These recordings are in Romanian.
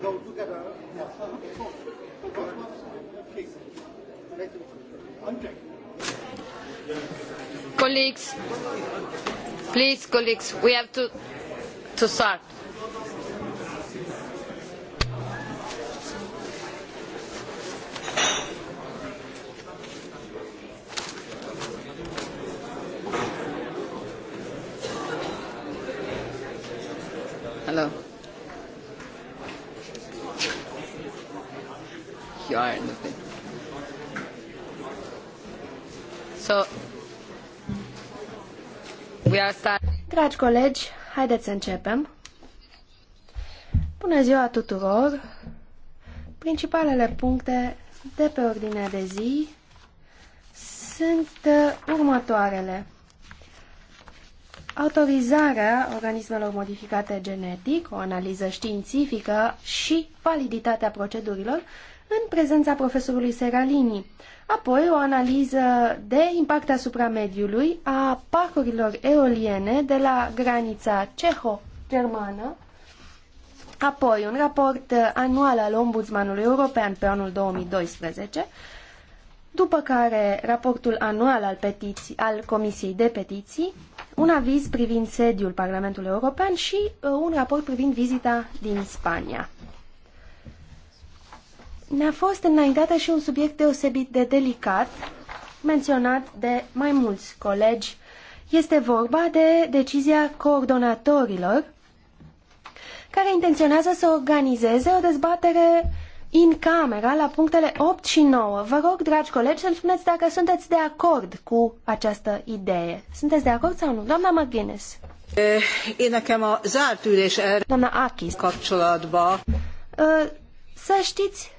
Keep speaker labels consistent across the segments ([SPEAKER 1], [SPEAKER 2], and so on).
[SPEAKER 1] go together.
[SPEAKER 2] Colleagues, please, colleagues, we have to, to start. Dragi colegi, haideți să începem. Bună ziua tuturor! Principalele puncte de pe ordinea de zi sunt uh, următoarele. Autorizarea organismelor modificate genetic, o analiză științifică și validitatea procedurilor în prezența profesorului Seralini. Apoi o analiză de impact asupra mediului a parcurilor eoliene de la granița ceho-germană, apoi un raport anual al Ombudsmanului European pe anul 2012, după care raportul anual al, petiții, al Comisiei de Petiții, un aviz privind sediul Parlamentului European și uh, un raport privind vizita din Spania. Ne-a fost înaintată și un subiect deosebit de delicat, menționat de mai mulți colegi. Este vorba de decizia coordonatorilor care intenționează să organizeze o dezbatere în camera la punctele 8 și 9. Vă rog, dragi colegi, să-mi spuneți dacă sunteți de acord cu această idee. Sunteți de acord sau nu? Doamna McGuinness. Eh, én nekem a zárt ülés Doamna Akis. Să știți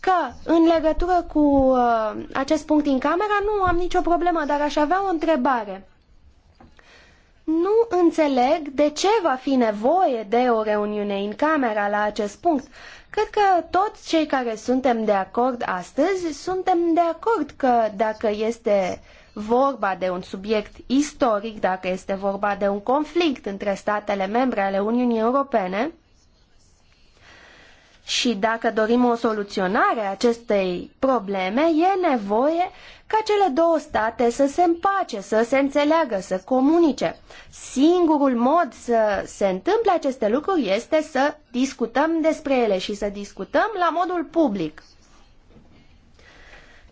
[SPEAKER 2] că în legătură cu uh, acest punct în camera nu am nicio problemă, dar aș avea o întrebare. Nu înțeleg de ce va fi nevoie de o reuniune în camera la acest punct. Cred că toți cei care suntem de acord astăzi suntem de acord că dacă este vorba de un subiect istoric, dacă este vorba de un conflict între statele membre ale Uniunii Europene, și dacă dorim o soluționare a acestei probleme, e nevoie ca cele două state să se împace, să se înțeleagă, să comunice. Singurul mod să se întâmple aceste lucruri este să discutăm despre ele și să discutăm la modul public.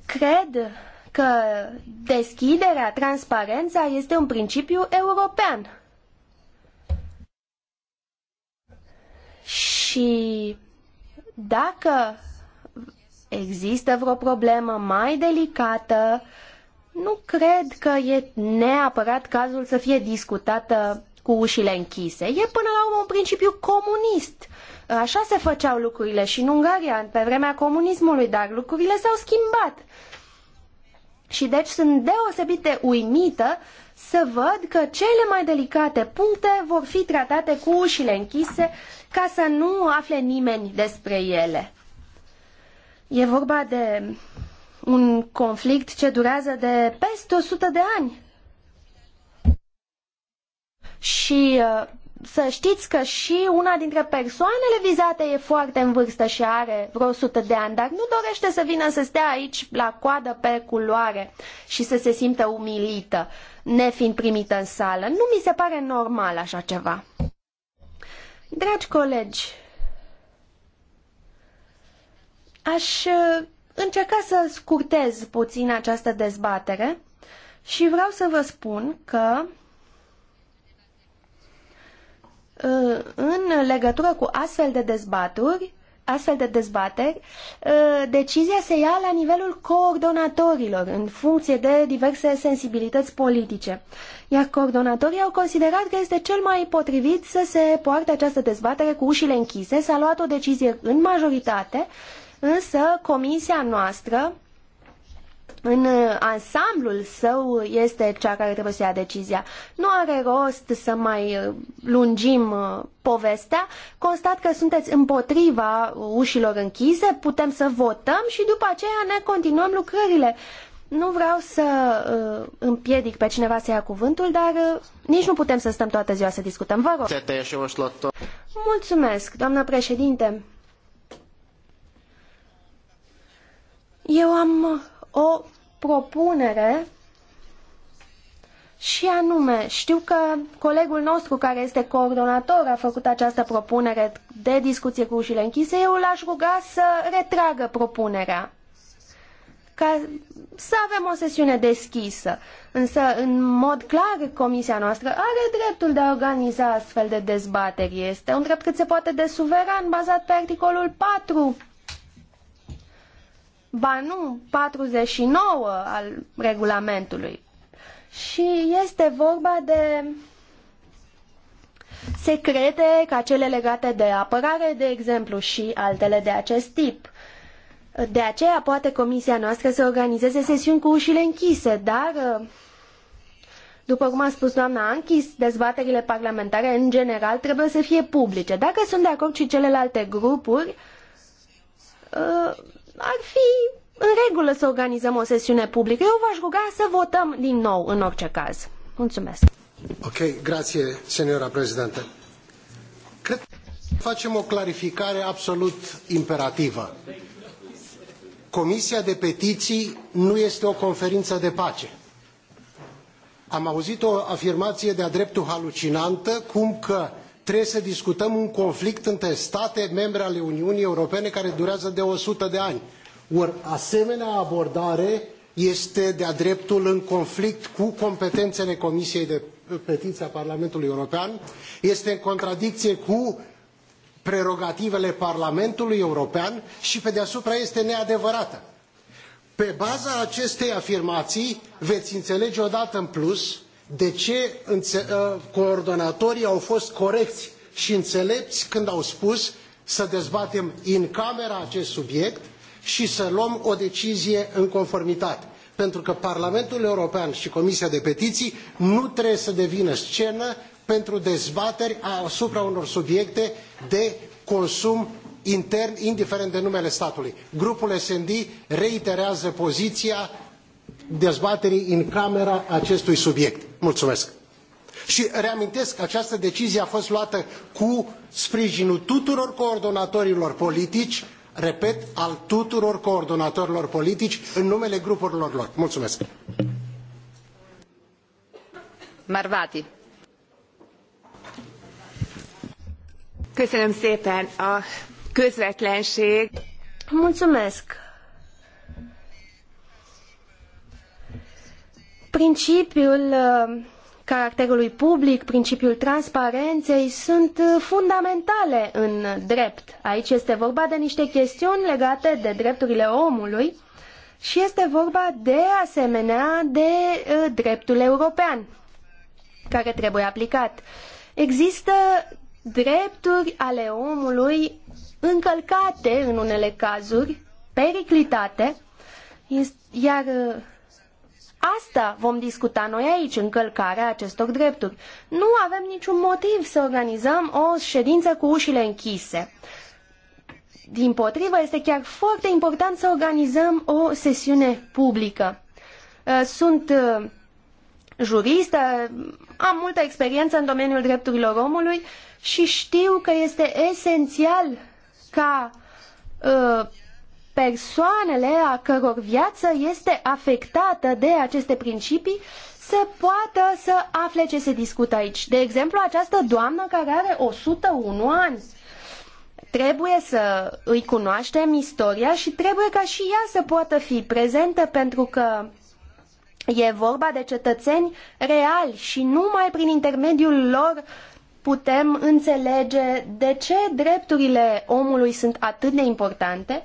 [SPEAKER 2] Cred că deschiderea, transparența este un principiu european. Și dacă există vreo problemă mai delicată, nu cred că e neapărat cazul să fie discutată cu ușile închise. E până la urmă un principiu comunist. Așa se făceau lucrurile și în Ungaria, pe vremea comunismului, dar lucrurile s-au schimbat. Și deci sunt deosebit de uimită să văd că cele mai delicate puncte vor fi tratate cu ușile închise ca să nu afle nimeni despre ele. E vorba de un conflict ce durează de peste 100 de ani. Și uh, să știți că și una dintre persoanele vizate e foarte în vârstă și are vreo 100 de ani, dar nu dorește să vină să stea aici la coadă pe culoare și să se simtă umilită, nefiind primită în sală. Nu mi se pare normal așa ceva. Dragi colegi, aș uh, încerca să scurtez puțin această dezbatere și vreau să vă spun că uh, în legătură cu astfel de dezbaturi, astfel de dezbateri, uh, decizia se ia la nivelul coordonatorilor, în funcție de diverse sensibilități politice. Iar coordonatorii au considerat că este cel mai potrivit să se poarte această dezbatere cu ușile închise, s-a luat o decizie în majoritate, însă comisia noastră în uh, ansamblul său este cea care trebuie să ia decizia. Nu are rost să mai uh, lungim uh, povestea. Constat că sunteți împotriva ușilor închise, putem să votăm și după aceea ne continuăm lucrările. Nu vreau să uh, împiedic pe cineva să ia cuvântul, dar uh, nici nu putem să stăm toată ziua să discutăm. Vă rog. Mulțumesc, doamnă președinte. Eu am o propunere și anume, știu că colegul nostru care este coordonator a făcut această propunere de discuție cu ușile închise, eu l-aș ruga să retragă propunerea ca să avem o sesiune deschisă. Însă, în mod clar, comisia noastră are dreptul de a organiza astfel de dezbateri. Este un drept cât se poate de suveran, bazat pe articolul 4 ba nu, 49 al regulamentului. Și este vorba de secrete ca cele legate de apărare, de exemplu, și altele de acest tip. De aceea poate comisia noastră să organizeze sesiuni cu ușile închise, dar, după cum a spus doamna Anchis, dezbaterile parlamentare în general trebuie să fie publice. Dacă sunt de acord și celelalte grupuri, ar fi în regulă să organizăm o sesiune publică. Eu v-aș ruga să votăm din nou în orice caz. Mulțumesc.
[SPEAKER 1] Ok, grație, seniora prezidentă. Cred că facem o clarificare absolut imperativă. Comisia de petiții nu este o conferință de pace. Am auzit o afirmație de-a dreptul halucinantă, cum că trebuie să discutăm un conflict între state membre ale Uniunii Europene care durează de o sută de ani. Ori asemenea abordare este de-a dreptul în conflict cu competențele Comisiei de Petiție a Parlamentului European, este în contradicție cu prerogativele Parlamentului European și pe deasupra este neadevărată. Pe baza acestei afirmații veți înțelege odată în plus de ce ă, coordonatorii au fost corecți și înțelepți când au spus să dezbatem în camera acest subiect și să luăm o decizie în conformitate. Pentru că Parlamentul European și Comisia de Petiții nu trebuie să devină scenă pentru dezbateri asupra unor subiecte de consum intern, indiferent de numele statului. Grupul SND reiterează poziția dezbaterii în camera acestui subiect. Mulțumesc! Și reamintesc că această decizie a fost luată cu sprijinul tuturor coordonatorilor politici, repet, al tuturor coordonatorilor politici, în numele grupurilor lor. Mulțumesc!
[SPEAKER 3] Marvati. Köszönöm szépen a közvetlenség. Mulțumesc!
[SPEAKER 2] Principiul uh, caracterului public, principiul transparenței sunt uh, fundamentale în drept. Aici este vorba de niște chestiuni legate de drepturile omului și este vorba de asemenea de uh, dreptul european care trebuie aplicat. Există drepturi ale omului încălcate în unele cazuri, periclitate, iar Asta vom discuta noi aici, încălcarea acestor drepturi. Nu avem niciun motiv să organizăm o ședință cu ușile închise. Din potrivă, este chiar foarte important să organizăm o sesiune publică. Uh, sunt uh, juristă, uh, am multă experiență în domeniul drepturilor omului și știu că este esențial ca persoanele a căror viață este afectată de aceste principii se poată să afle ce se discută aici. De exemplu, această doamnă care are 101 ani. Trebuie să îi cunoaștem istoria și trebuie ca și ea să poată fi prezentă pentru că e vorba de cetățeni reali și numai prin intermediul lor putem înțelege de ce drepturile omului sunt atât de importante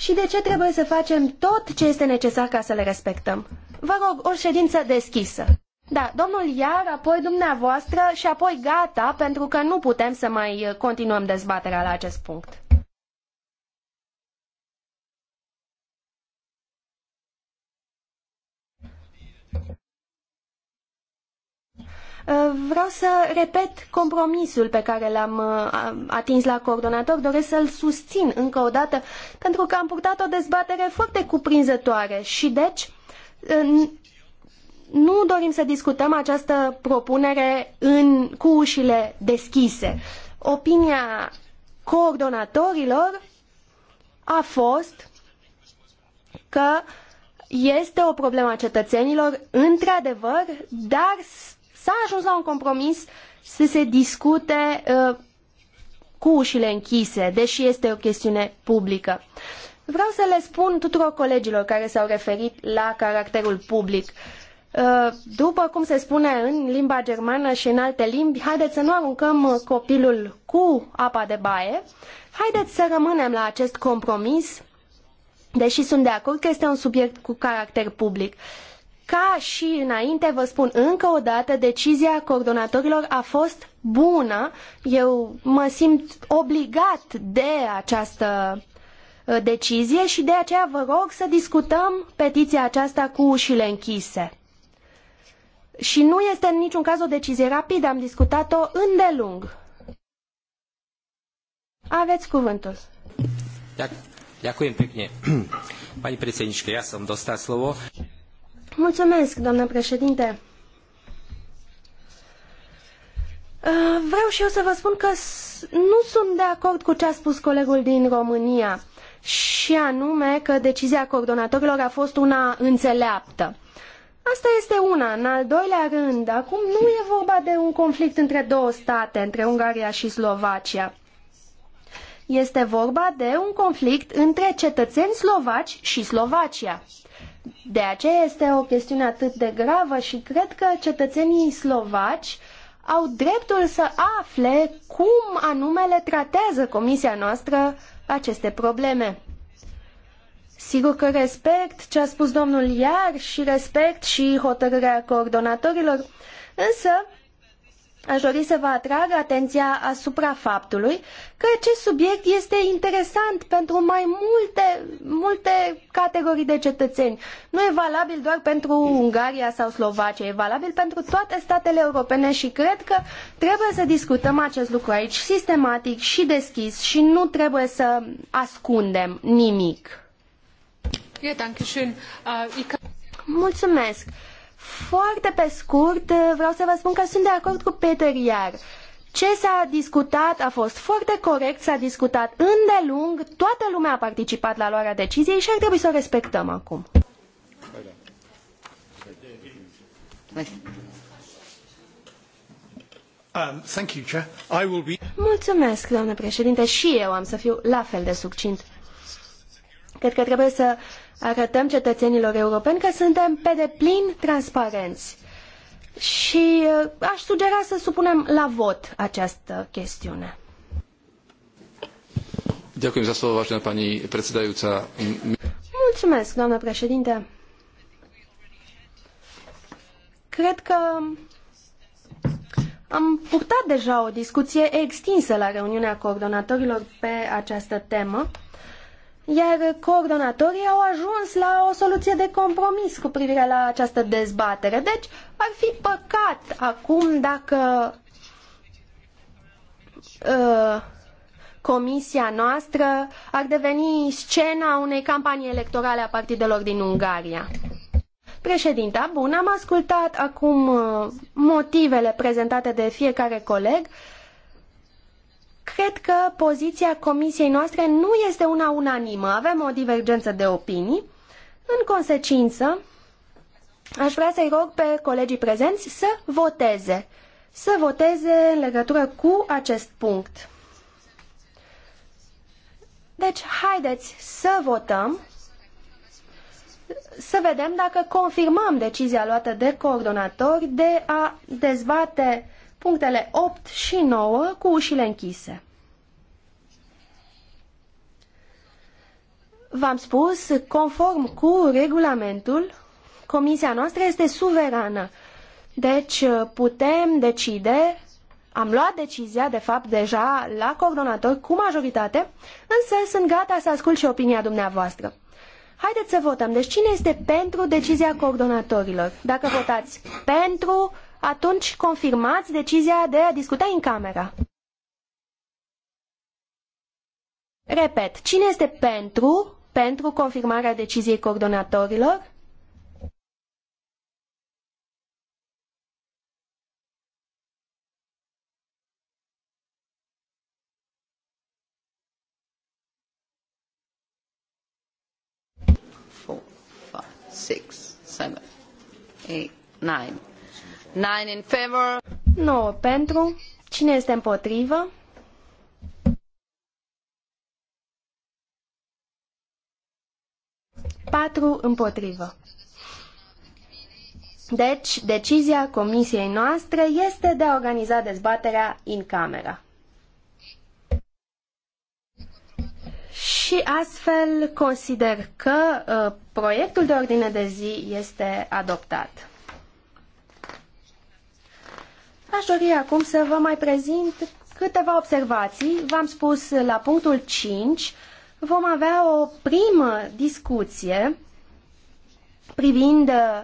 [SPEAKER 2] și de ce trebuie să facem tot ce este necesar ca să le respectăm. Vă rog, o ședință deschisă. Da, domnul Iar, apoi dumneavoastră și apoi gata, pentru că nu putem să mai continuăm dezbaterea la acest punct. Vreau să repet compromisul pe care l-am uh, atins la coordonator. Doresc să-l susțin încă o dată pentru că am purtat o dezbatere foarte cuprinzătoare și deci nu dorim să discutăm această propunere în, cu ușile deschise. Opinia coordonatorilor a fost că este o problemă a cetățenilor, într-adevăr, dar S-a ajuns la un compromis să se discute uh, cu ușile închise, deși este o chestiune publică. Vreau să le spun tuturor colegilor care s-au referit la caracterul public. Uh, după cum se spune în limba germană și în alte limbi, haideți să nu aruncăm copilul cu apa de baie, haideți să rămânem la acest compromis, deși sunt de acord că este un subiect cu caracter public. Uh, ca și înainte, vă spun încă o dată, decizia coordonatorilor a fost bună. Eu mă simt obligat de această uh, decizie și de aceea vă rog să discutăm petiția aceasta cu ușile închise. Și nu este în niciun caz o decizie rapidă, am discutat-o îndelung. Aveți cuvântul.
[SPEAKER 1] Ďakujem pekne. Pani predsedničke, ja som dostal slovo.
[SPEAKER 2] Mulțumesc, doamnă președinte. Uh, vreau și eu să vă spun că nu sunt de acord cu ce a spus colegul din România și anume că decizia coordonatorilor a fost una înțeleaptă. Asta este una. În al doilea rând, acum nu e vorba de un conflict între două state, între Ungaria și Slovacia. Este vorba de un conflict între cetățeni slovaci și Slovacia. De aceea este o chestiune atât de gravă și cred că cetățenii slovaci au dreptul să afle cum anume le tratează comisia noastră aceste probleme. Sigur că respect ce a spus domnul Iar și respect și hotărârea coordonatorilor, însă Aș dori să vă atrag atenția asupra faptului că acest subiect este interesant pentru mai multe, multe categorii de cetățeni. Nu e valabil doar pentru Ungaria sau Slovacia, e valabil pentru toate statele europene și cred că trebuie să discutăm acest lucru aici sistematic și deschis și nu trebuie să ascundem nimic. Äh, Mulțumesc! Foarte pe scurt, vreau să vă spun că sunt de acord cu Peter Iar. Ce s-a discutat a fost foarte corect, s-a discutat îndelung, toată lumea a participat la luarea deciziei și ar trebui să o respectăm acum. Um, Mulțumesc, doamnă președinte, și eu am să fiu la fel de succint. Cred că trebuie să arătăm cetățenilor europeni că suntem pe deplin transparenți. Și uh, aș sugera să supunem la vot această chestiune.
[SPEAKER 3] Ďakujem za slovo,
[SPEAKER 2] Mulțumesc, doamnă președinte. Cred că am purtat deja o discuție extinsă la reuniunea coordonatorilor pe această temă iar coordonatorii au ajuns la o soluție de compromis cu privire la această dezbatere. Deci, ar fi păcat acum dacă uh, comisia noastră ar deveni scena unei campanii electorale a partidelor din Ungaria. Președinta, bun, am ascultat acum uh, motivele prezentate de fiecare coleg Cred că poziția comisiei noastre nu este una unanimă, avem o divergență de opinii. În consecință, aș vrea să-i rog pe colegii prezenți să voteze, să voteze în legătură cu acest punct. Deci, haideți să votăm, să vedem dacă confirmăm decizia luată de coordonatori de a dezbate punctele 8 și 9 cu ușile închise. V-am spus, conform cu regulamentul, comisia noastră este suverană. Deci uh, putem decide, am luat decizia, de fapt, deja la coordonator cu majoritate, însă sunt gata să ascult și opinia dumneavoastră. Haideți să votăm. Deci cine este pentru decizia coordonatorilor? Dacă votați pentru, atunci confirmați decizia de a discuta în camera. Repet, cine este pentru, pentru confirmarea deciziei coordonatorilor? Four, five, six, seven, eight, nine. Nine in favor. 9 pentru. Cine este împotrivă? Patru împotrivă. Deci, decizia comisiei noastre este de a organiza dezbaterea în camera. Și astfel consider că uh, proiectul de ordine de zi este adoptat. Aș dori acum să vă mai prezint câteva observații. V-am spus la punctul 5 vom avea o primă discuție privind uh,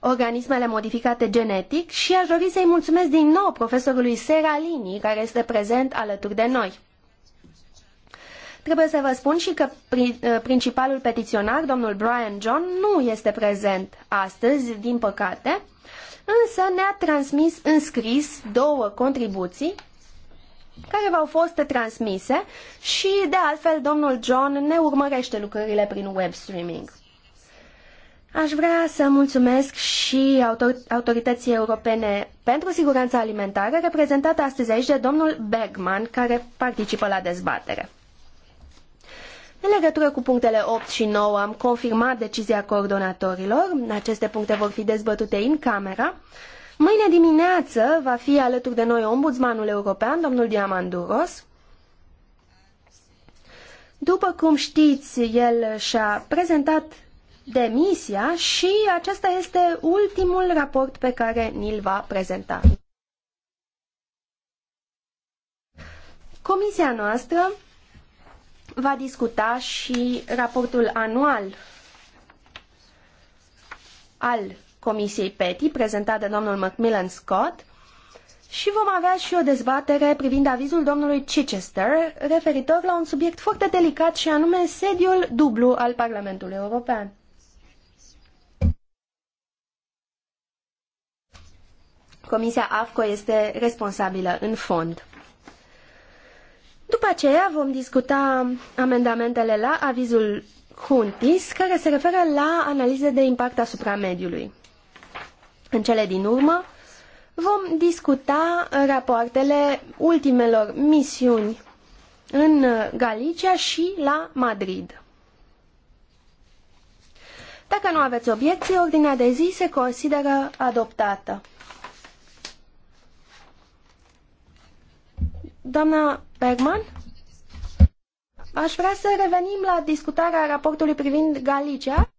[SPEAKER 2] organismele modificate genetic și aș dori să-i mulțumesc din nou profesorului Seralini, care este prezent alături de noi. Trebuie să vă spun și că uh, principalul petiționar, domnul Brian John, nu este prezent astăzi, din păcate, însă ne-a transmis în scris două contribuții care v-au fost transmise și, de altfel, domnul John ne urmărește lucrările prin web streaming. Aș vrea să mulțumesc și autor autorității europene pentru siguranța alimentară, reprezentată astăzi aici de domnul Bergman, care participă la dezbatere. În legătură cu punctele 8 și 9 am confirmat decizia coordonatorilor. Aceste puncte vor fi dezbătute în camera. Mâine dimineață va fi alături de noi ombudsmanul european, domnul Diamanduros. După cum știți, el și-a prezentat demisia și acesta este ultimul raport pe care ni-l va prezenta. Comisia noastră va discuta și raportul anual al Comisiei PETI, prezentat de domnul Macmillan Scott, și vom avea și o dezbatere privind avizul domnului Chichester referitor la un subiect foarte delicat și anume sediul dublu al Parlamentului European. Comisia AFCO este responsabilă în fond. După aceea vom discuta amendamentele la avizul Huntis, care se referă la analize de impact asupra mediului. În cele din urmă, vom discuta rapoartele ultimelor misiuni în Galicia și la Madrid. Dacă nu aveți obiecții, ordinea de zi se consideră adoptată. Doamna Bergman? Aș vrea să revenim la discutarea raportului privind Galicia.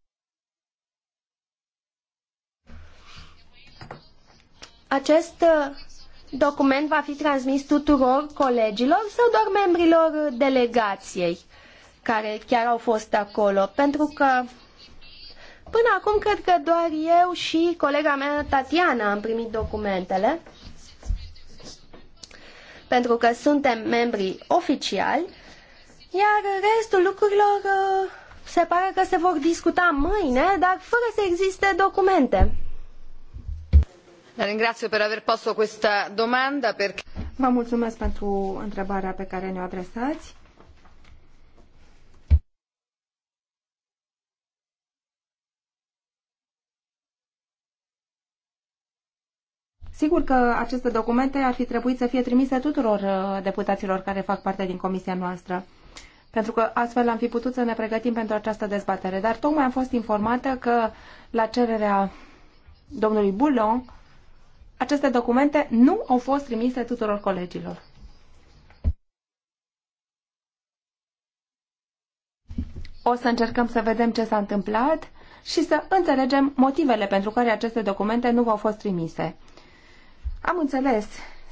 [SPEAKER 2] Acest uh, document va fi transmis tuturor colegilor sau doar membrilor delegației care chiar au fost acolo? Pentru că până acum cred că doar eu și colega mea Tatiana am primit documentele pentru că suntem membri oficiali, iar restul lucrurilor uh, se pare că se vor discuta mâine, dar fără să existe documente. La ringrazio per aver
[SPEAKER 4] posto questa domanda perché...
[SPEAKER 2] Vă mulțumesc pentru întrebarea pe care ne-o adresați.
[SPEAKER 1] Sigur
[SPEAKER 3] că aceste documente ar fi trebuit să fie trimise tuturor uh, deputaților care fac parte din comisia noastră, pentru că astfel am fi putut să ne pregătim pentru această dezbatere. Dar tocmai am fost informată că, la cererea domnului Boulon, aceste documente nu au fost trimise tuturor colegilor. O să încercăm să vedem ce s-a întâmplat și să înțelegem motivele pentru care aceste documente nu v-au fost trimise. Am înțeles.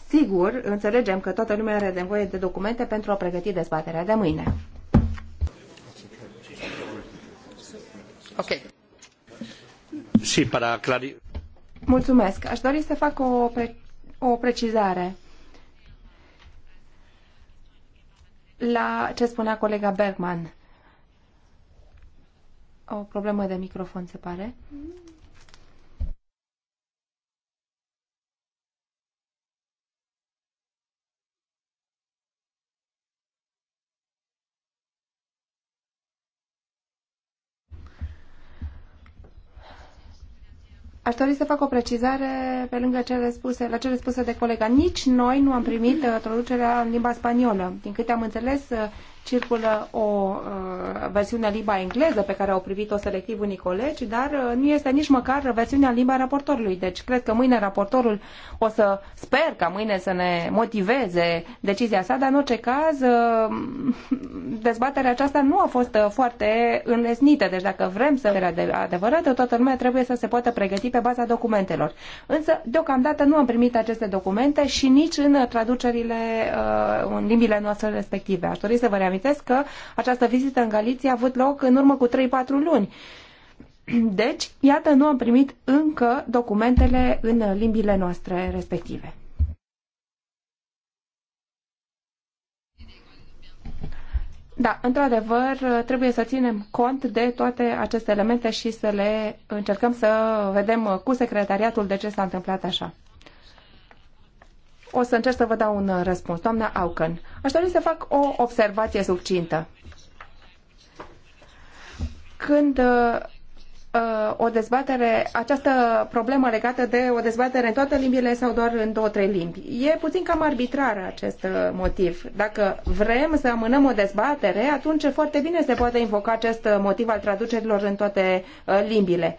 [SPEAKER 3] Sigur, înțelegem că toată lumea are nevoie de documente pentru a pregăti dezbaterea de mâine.
[SPEAKER 1] Ok. Și para clari...
[SPEAKER 3] Mulțumesc. Aș dori să fac o, pre... o precizare. La ce spunea colega Bergman. O problemă de microfon, se pare. Mm. Aș dori să fac o precizare pe lângă cele spuse, la cele spuse de colega. Nici noi nu am primit uh, traducerea în limba spaniolă. Din câte am înțeles, uh, circulă o uh, versiune în limba engleză pe care au privit-o selectiv unii colegi, dar uh, nu este nici măcar versiunea în limba raportorului. Deci cred că mâine raportorul o să sper ca mâine să ne motiveze decizia sa, dar în orice caz uh, dezbaterea aceasta nu a fost uh, foarte înlesnită. Deci dacă vrem să fie adevărată, toată lumea trebuie să se poată pregăti pe baza documentelor. Însă, deocamdată nu am primit aceste documente și nici în traducerile uh, în limbile noastre respective. Aș dori să vă reamintesc amintesc că această vizită în Galiția a avut loc în urmă cu 3-4 luni. Deci, iată, nu am primit încă documentele în limbile noastre respective. Da, într-adevăr, trebuie să ținem cont de toate aceste elemente și să le încercăm să vedem cu secretariatul de ce s-a întâmplat așa. O să încerc să vă dau un uh, răspuns. Doamna Auken, aș dori să fac o observație subcintă. Când uh, uh, o dezbatere, această problemă legată de o dezbatere în toate limbile sau doar în două, trei limbi. E puțin cam arbitrar acest motiv. Dacă vrem să amânăm o dezbatere, atunci foarte bine se poate invoca acest motiv al traducerilor în toate limbile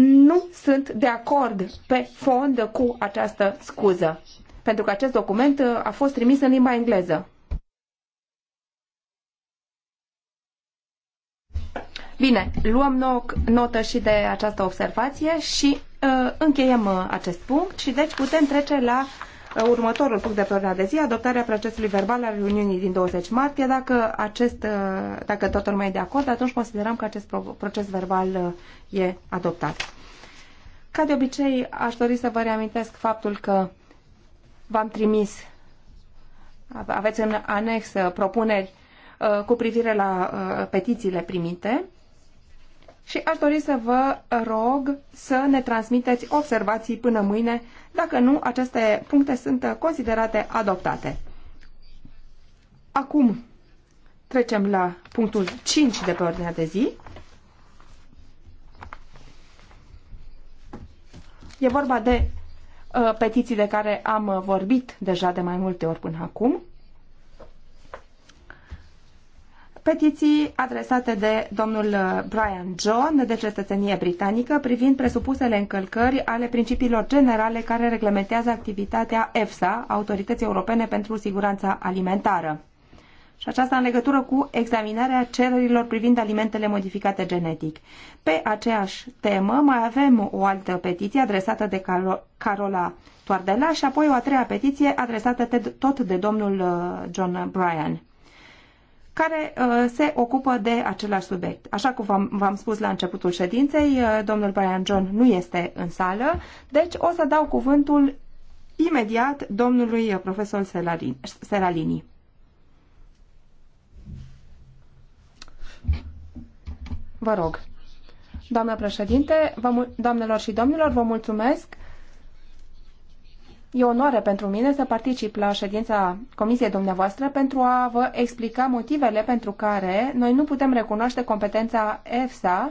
[SPEAKER 3] nu sunt de acord pe fond cu această scuză, pentru că acest document uh, a fost trimis în limba engleză. Bine, luăm notă și de această observație și uh, încheiem uh, acest punct și deci putem trece la următorul punct de pe ordinea de zi, adoptarea procesului verbal al reuniunii din 20 martie. Dacă, acest, uh, dacă totul lumea e de acord, atunci considerăm că acest proces verbal uh, e adoptat. Ca de obicei, aș dori să vă reamintesc faptul că v-am trimis, aveți în anex uh, propuneri cu privire la petițiile primite și aș dori să vă rog să ne transmiteți observații până mâine. Dacă nu, aceste puncte sunt considerate adoptate. Acum trecem la punctul 5 de pe ordinea de zi. E vorba de uh, petiții de care am vorbit deja de mai multe ori până acum. petiții adresate de domnul uh, Brian John de cetățenie britanică privind presupusele încălcări ale principiilor generale care reglementează activitatea EFSA, Autorității Europene pentru Siguranța Alimentară. Și aceasta în legătură cu examinarea cererilor privind alimentele modificate genetic. Pe aceeași temă mai avem o altă petiție adresată de Carola Toardela și apoi o a treia petiție adresată tot de domnul uh, John Bryan care uh, se ocupă de același subiect. Așa cum v-am spus la începutul ședinței, uh, domnul Brian John nu este în sală, deci o să dau cuvântul imediat domnului profesor Seralini. Vă rog. Doamna președinte, vă, doamnelor și domnilor, vă mulțumesc. E onoare pentru mine să particip la ședința comisiei dumneavoastră pentru a vă explica motivele pentru care noi nu putem recunoaște competența EFSA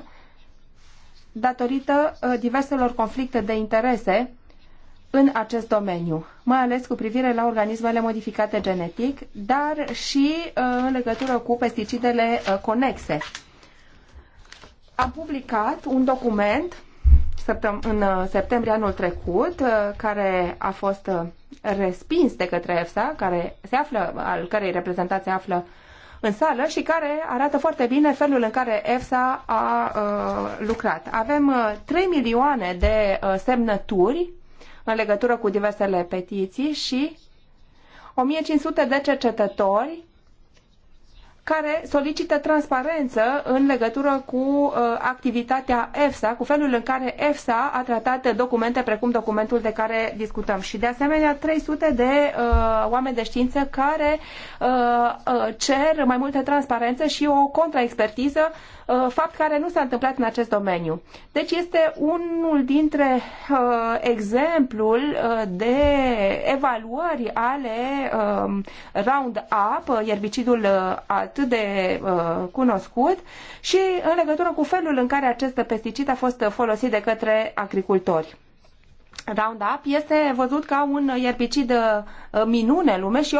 [SPEAKER 3] datorită ă, diverselor conflicte de interese în acest domeniu, mai ales cu privire la organismele modificate genetic, dar și ă, în legătură cu pesticidele ă, conexe. Am publicat un document în uh, septembrie anul trecut, uh, care a fost uh, respins de către EFSA, care se află, al cărei reprezentanți se află în sală și care arată foarte bine felul în care EFSA a uh, lucrat. Avem 3 milioane de semnături în legătură cu diversele petiții și 1500 de cercetători care solicită transparență în legătură cu uh, activitatea EFSA, cu felul în care EFSA a tratat documente precum documentul de care discutăm. Și de asemenea 300 de uh, oameni de știință care uh, uh, cer mai multă transparență și o contraexpertiză Uh, fapt care nu s-a întâmplat în acest domeniu. Deci este unul dintre uh, exemplul uh, de evaluări ale um, Roundup, erbicidul atât de cunoscut, și în legătură cu felul în care acest pesticid a fost folosit de către agricultori. Roundup este văzut ca un ierbicid uh, minune lume și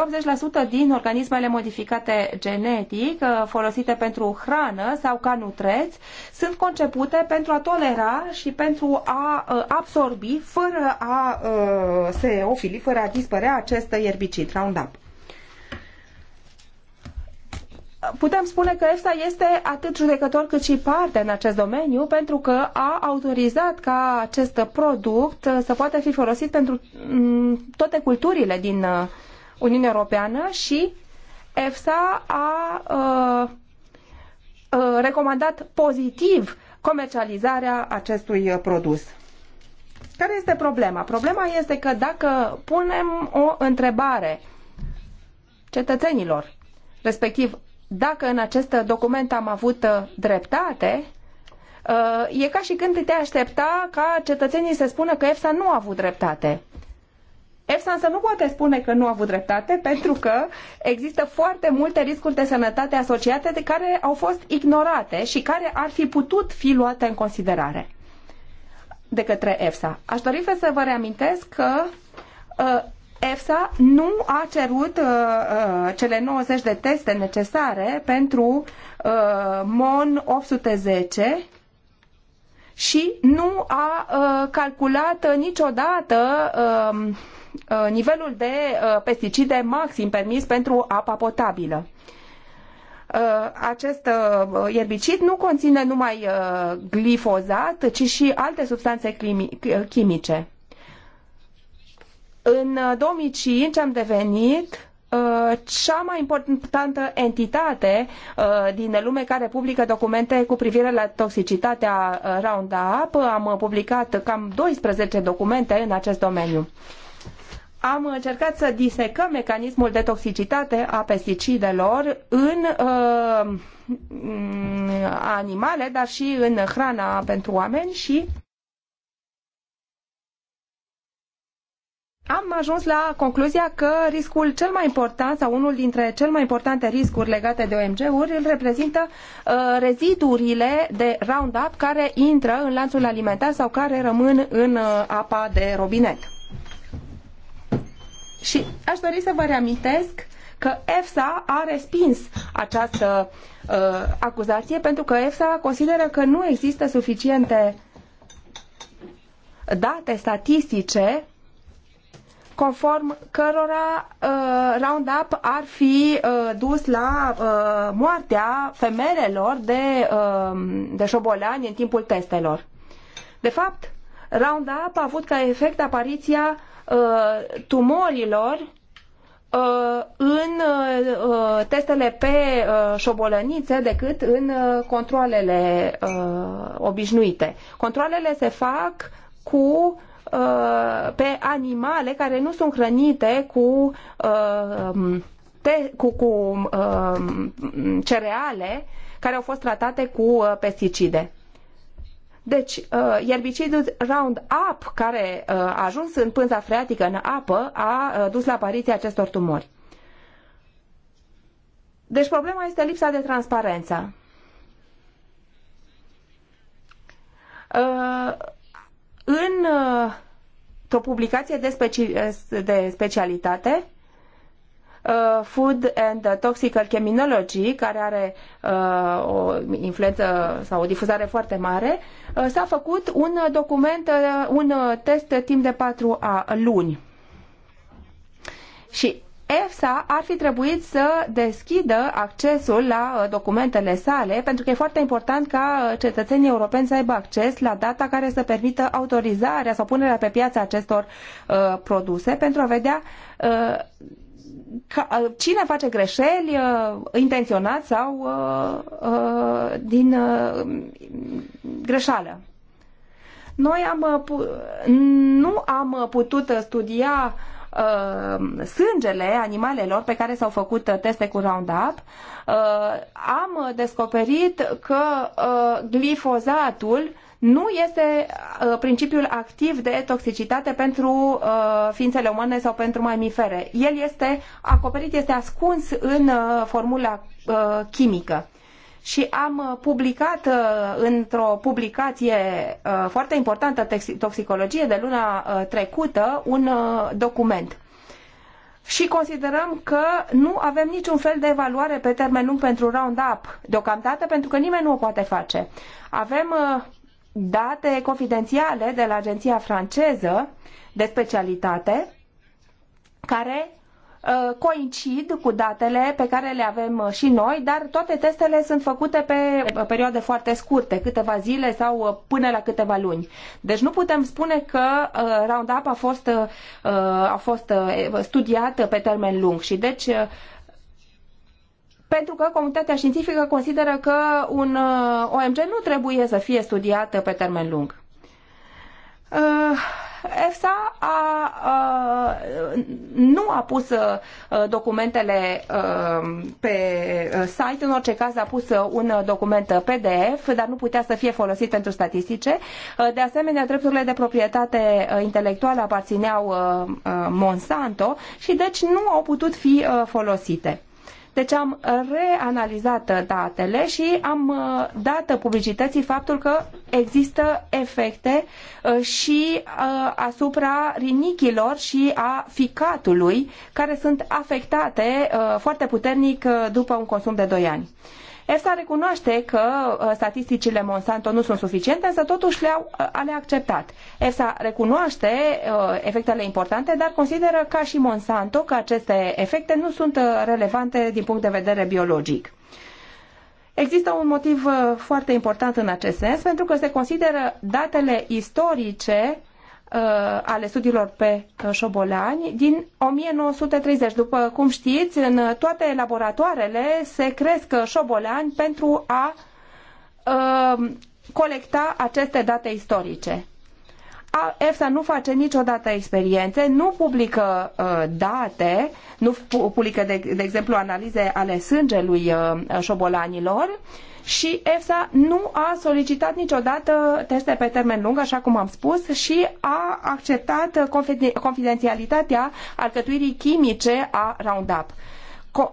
[SPEAKER 3] 80% din organismele modificate genetic uh, folosite pentru hrană sau ca nutreți sunt concepute pentru a tolera și pentru a uh, absorbi fără a se ofili, fără a dispărea acest ierbicid Roundup putem spune că EFSA este atât judecător cât și parte în acest domeniu pentru că a autorizat ca acest produs să poată fi folosit pentru mm, toate culturile din uh, Uniunea Europeană și EFSA a, a, uh, a uh, recomandat pozitiv comercializarea acestui produs. Care este problema? Problema este că dacă punem o întrebare cetățenilor, respectiv dacă în acest document am avut uh, dreptate, uh, e ca și când te aștepta ca cetățenii să spună că EFSA nu a avut dreptate. EFSA însă nu poate spune că nu a avut dreptate pentru că există foarte multe riscuri de sănătate asociate de care au fost ignorate și care ar fi putut fi luate în considerare de către EFSA. Aș dori să vă reamintesc că uh, EFSA nu a cerut uh, uh cele 90 de teste necesare pentru uh, MON 810 și nu a uh, calculat niciodată um, uh, nivelul de uh, pesticide maxim permis pentru apa potabilă acest erbicid nu conține numai glifozat, ci și alte substanțe chimice. În 2005 uh, am devenit uh, cea mai importantă entitate uh, din lume care publică documente cu privire la toxicitatea Roundup. Am publicat cam 12 documente în acest domeniu. Am încercat să disecăm mecanismul de toxicitate a pesticidelor în uh, mm, animale, dar și în hrana pentru oameni și Am ajuns la concluzia că riscul cel mai important sau unul dintre cel mai importante riscuri legate de OMG-uri îl reprezintă uh, rezidurile de Roundup care intră în lanțul alimentar sau care rămân în uh, apa de robinet. Și aș dori să vă reamintesc că EFSA a respins această uh, acuzație pentru că EFSA consideră că nu există suficiente date statistice conform cărora uh, Roundup ar fi uh, dus la uh, moartea femeilor de, uh, de șobolani în timpul testelor. De fapt, Roundup a avut ca efect apariția uh, tumorilor uh, în uh, testele pe uh, șobolănițe decât în uh, controlele uh, obișnuite. Controlele se fac cu Uh, pe animale care nu sunt hrănite cu, uh, te, cu, cu uh, cereale care au fost tratate cu pesticide. Deci, uh, erbicidul Roundup, care uh, a ajuns în pânza freatică, în apă, a uh, dus la apariția acestor tumori. Deci, problema este lipsa de transparență. Uh, în uh, o publicație de, speci- de specialitate uh, Food and Toxical Chemology, care are uh, o influență sau o difuzare foarte mare, uh, s-a făcut un document, uh, un test timp de patru luni. Și EFSA ar fi trebuit să deschidă accesul la uh, documentele sale, pentru că e foarte important ca uh, cetățenii europeni să aibă acces la data care să permită autorizarea sau punerea pe piață acestor uh, produse, pentru a vedea uh, uh cine face greșeli intenționat sau din greșeală. Noi am, nu am putut studia Uh, sângele animalelor pe care s-au făcut uh, teste cu Roundup, uh, am descoperit că glifozatul nu este principiul activ de toxicitate pentru ființele umane sau pentru mamifere. El este acoperit, este ascuns în formula chimică și am uh, publicat uh, într-o publicație uh, foarte importantă, Toxicologie, de luna trecută, un document și considerăm că nu avem niciun fel de evaluare pe termen lung pentru Roundup deocamdată, pentru că nimeni nu o poate face. Avem date confidențiale de la agenția franceză de specialitate care Uh, coincid cu datele pe care le avem uh, și noi, dar toate testele sunt făcute pe perioade foarte scurte, câteva zile sau uh, până la câteva luni. Deci nu putem spune că Roundup a fost, a fost studiat pe termen lung și deci pentru că comunitatea științifică consideră că un OMG nu trebuie să fie studiat pe termen lung. Uh, EFSA a, uh, nu a pus uh, documentele uh, pe site, în orice caz a pus un document PDF, dar nu putea să fie folosit pentru statistice. De asemenea, drepturile de proprietate intelectuală aparțineau Monsanto și deci nu au putut fi folosite. Deci am reanalizat datele și am uh, dat publicității faptul că există efecte uh, și uh, asupra rinichilor și a ficatului care sunt afectate foarte puternic după un consum de 2 ani. EFSA recunoaște că uh, statisticile Monsanto nu sunt suficiente, însă totuși le-au uh, le acceptat. EFSA recunoaște uh, efectele importante, dar consideră ca și Monsanto că aceste efecte nu sunt relevante din punct de vedere biologic. Există un motiv foarte important în acest sens, pentru că se consideră datele istorice Uh, ale studiilor pe uh, șobolani din 1930. După cum știți, în toate laboratoarele se cresc șobolani pentru a uh, colecta aceste date istorice. EFSA nu face niciodată experiențe, nu publică date, nu publică, de, de exemplu, analize ale sângelui uh, șobolanilor, uh, și EFSA nu a solicitat niciodată teste pe termen lung, așa cum am spus, și a acceptat confidențialitatea alcătuirii chimice a Roundup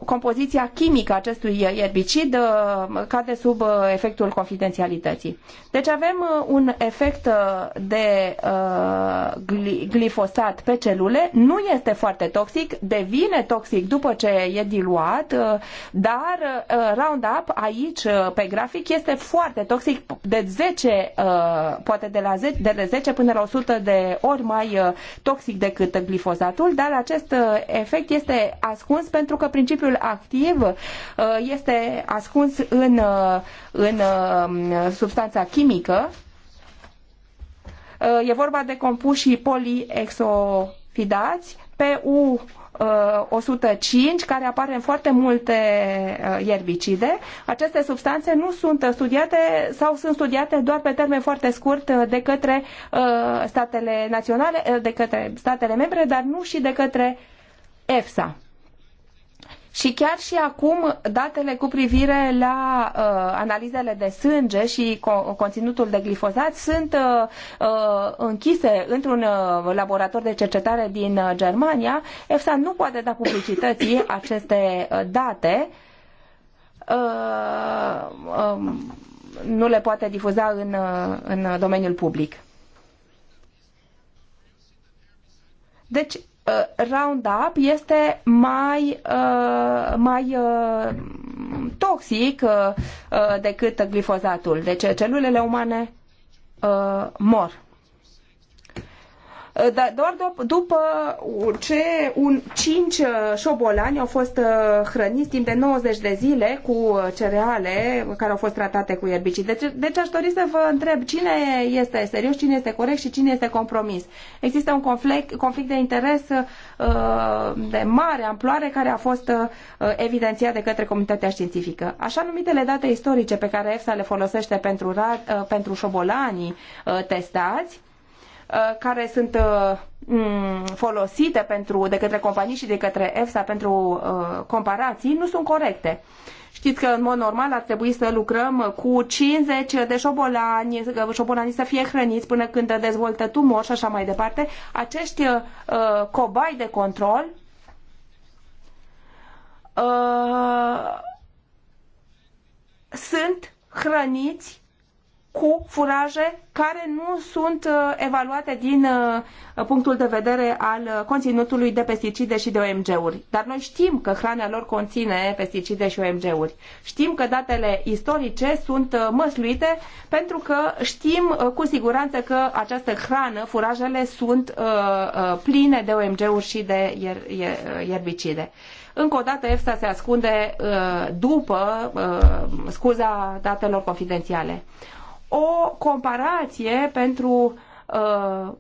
[SPEAKER 3] compoziția chimică acestui erbicid uh, cade sub uh, efectul confidențialității. Deci avem uh, un efect de glifosat pe celule, nu este foarte toxic, devine toxic după ce e diluat, dar Roundup aici pe grafic este foarte toxic, de 10, poate de la 10, de la 10 până la 100 de ori mai toxic decât glifosatul, dar acest efect este ascuns pentru că principiul principiul activ uh, este ascuns în, uh, în um, substanța chimică. Uh, e vorba de compuși poliexofidați PU 105, care apare în foarte multe ierbicide. Aceste substanțe nu sunt studiate sau sunt studiate doar pe termen foarte scurt de către statele naționale, de către statele membre, dar nu și de către EFSA. Și chiar și acum, datele cu privire la uh, analizele de sânge și co- conținutul de glifozat sunt uh, uh, închise într-un uh, laborator de cercetare din uh, Germania. EFSA nu poate da publicității aceste uh, date. Uh, um, nu le poate difuza în, uh, în domeniul public. Deci, Uh, Roundup este mai, uh, mai uh, toxic decât glifozatul. Deci celulele umane mor. Eh, dar doar după ce un cinci eh, șobolani au fost eh, hrăniți timp de 90 de zile cu cereale care au fost tratate cu erbicii. Deci, deci aș dori să vă întreb cine este serios, cine este corect și cine este compromis. Există un conflict, conflict de interes de mare amploare care a fost evidențiat de către comunitatea științifică. Așa numitele date istorice pe care EFSA le folosește pentru, pentru șobolanii testați, Uh, care sunt uh, folosite pentru, de către companii și de către EFSA pentru uh, comparații nu sunt corecte. Știți că în mod normal ar trebui să lucrăm cu 50 de șobolani, șobolanii să fie hrăniți până când dezvoltă tumor și așa mai departe. Acești uh, cobai de control uh, sunt hrăniți cu furaje care nu sunt uh, evaluate din uh, punctul de vedere al uh, conținutului de pesticide și de OMG-uri. Dar noi știm că hrana lor conține pesticide și OMG-uri. Știm că datele istorice sunt măsluite pentru că știm cu siguranță că această hrană, furajele, sunt pline de OMG-uri și de ierbicide. Încă o dată EFSA se ascunde după scuza datelor confidențiale o comparație pentru uh,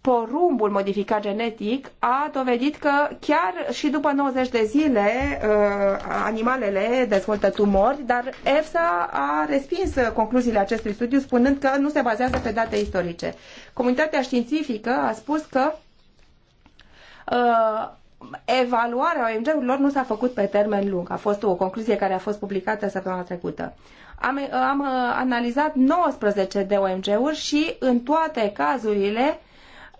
[SPEAKER 3] porumbul modificat genetic a dovedit că chiar și după 90 de zile uh, animalele dezvoltă tumori, dar EFSA a respins concluziile acestui studiu spunând că nu se bazează pe date istorice. Comunitatea științifică a spus că uh, evaluarea OMG-urilor nu s-a făcut pe termen lung. A fost o concluzie care a fost publicată săptămâna trecută am, am uh, analizat 19 de OMG-uri și în toate cazurile,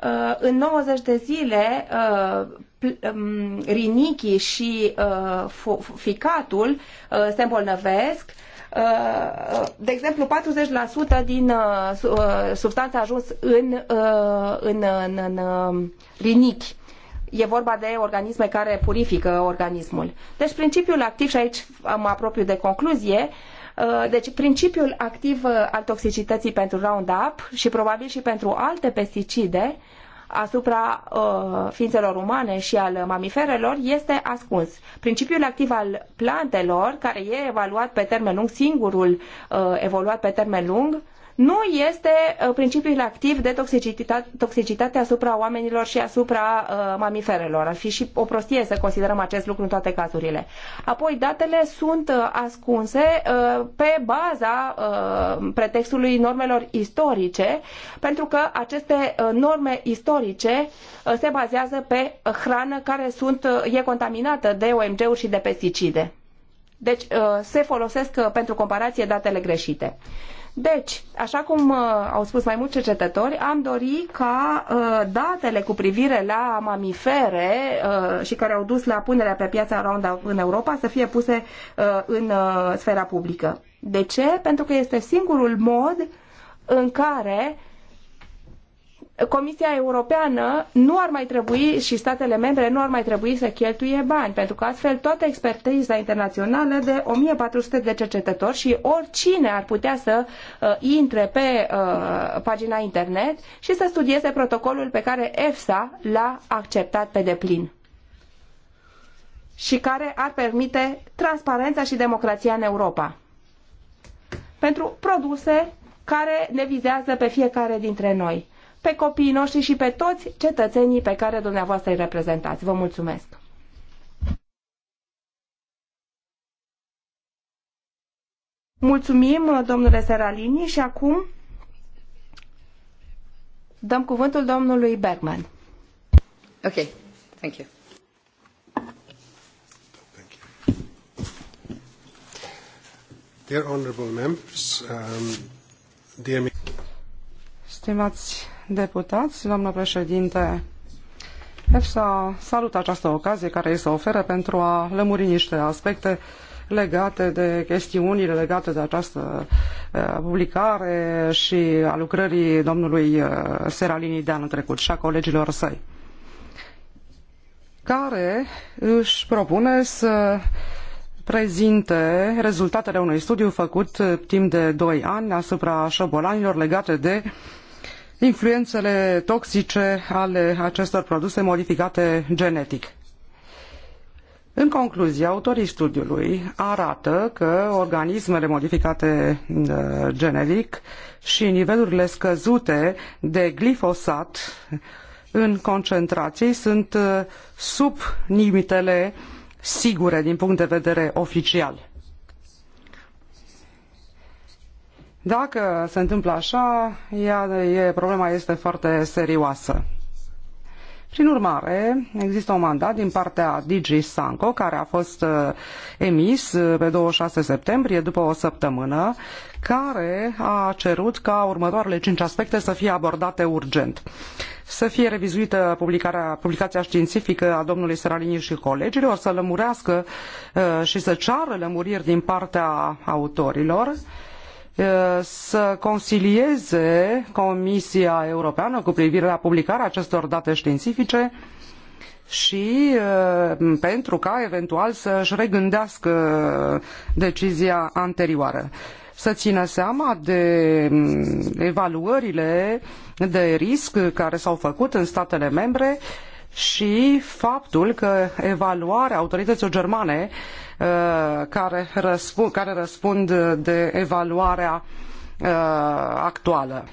[SPEAKER 3] uh, în 90 de zile, uh, um, rinichii și ficatul se îmbolnăvesc de exemplu, 40% din substanța ajuns în, în, în, în um, rinichi. E vorba de organisme care purifică organismul. Deci principiul activ, și aici mă apropiu de concluzie, Uh, deci principiul activ uh, al toxicității pentru Roundup și probabil și pentru alte pesticide asupra uh, ființelor umane și al mamiferelor este ascuns. Principiul activ al plantelor, care e evaluat pe termen lung, singurul uh, evoluat pe termen lung, nu este uh, principiul activ de toxicitate, toxicitate asupra oamenilor și asupra uh, mamiferelor. Ar fi și o prostie să considerăm acest lucru în toate cazurile. Apoi, datele sunt uh, ascunse uh, pe baza uh, pretextului normelor istorice, pentru că aceste uh, norme istorice se bazează pe hrană care sunt, e contaminată de OMG-uri și de pesticide. Deci se folosesc pentru comparație datele greșite. Deci, așa cum uh, au spus mai mulți cercetători, am dori ca uh, datele cu privire la mamifere uh, și care au dus la punerea pe piața Roundup în Europa să fie puse în sfera publică. De ce? Pentru că este singurul mod în care Comisia Europeană nu ar mai trebui și statele membre nu ar mai trebui să cheltuie bani, pentru că astfel toată expertiza internațională de 1400 de cercetători și oricine ar putea să uh, intre pe uh, pagina internet și să studieze protocolul pe care EFSA l-a acceptat pe deplin și care ar permite transparența și democrația în Europa pentru produse care ne vizează pe fiecare dintre noi pe copiii noștri și pe toți cetățenii pe care dumneavoastră îi reprezentați. Vă mulțumesc! Mulțumim, domnule Seralini, și acum dăm cuvântul domnului Bergman.
[SPEAKER 2] Ok, thank you. Thank
[SPEAKER 1] you. Dear honorable members, um, dear...
[SPEAKER 4] Stimați deputați, doamnă președinte, EFSA salută această ocazie care îi se oferă pentru a lămuri niște aspecte legate de chestiunile legate de această uh, publicare și a lucrării domnului uh, Seralini de anul trecut și a colegilor săi, care își propune să prezinte rezultatele unui studiu făcut timp de doi ani asupra șobolanilor legate de uh, influențele toxice ale acestor produse modificate genetic. În concluzie, autorii studiului arată că organismele modificate uh, genetic și nivelurile scăzute de glifosat în concentrații sunt uh, sub limitele sigure din punct de vedere oficial. Dacă se întâmplă așa, ea, e, problema este foarte serioasă. Prin urmare, există un mandat din partea DG Sanco, care a fost uh, emis uh, pe 26 septembrie, după o săptămână, care a cerut ca următoarele cinci aspecte să fie abordate urgent. Să fie revizuită publicarea, publicația științifică a domnului Seralini și colegilor, să lămurească uh, și să ceară lămuriri din partea autorilor, să consilieze Comisia Europeană cu privire la publicarea acestor date științifice și uh, pentru ca eventual să-și regândească decizia anterioară. Să țină seama de mm, evaluările de risc care s-au făcut în statele membre și faptul că evaluarea autorităților germane uh, Uh, care răspund, care răspund de evaluarea uh, actuală.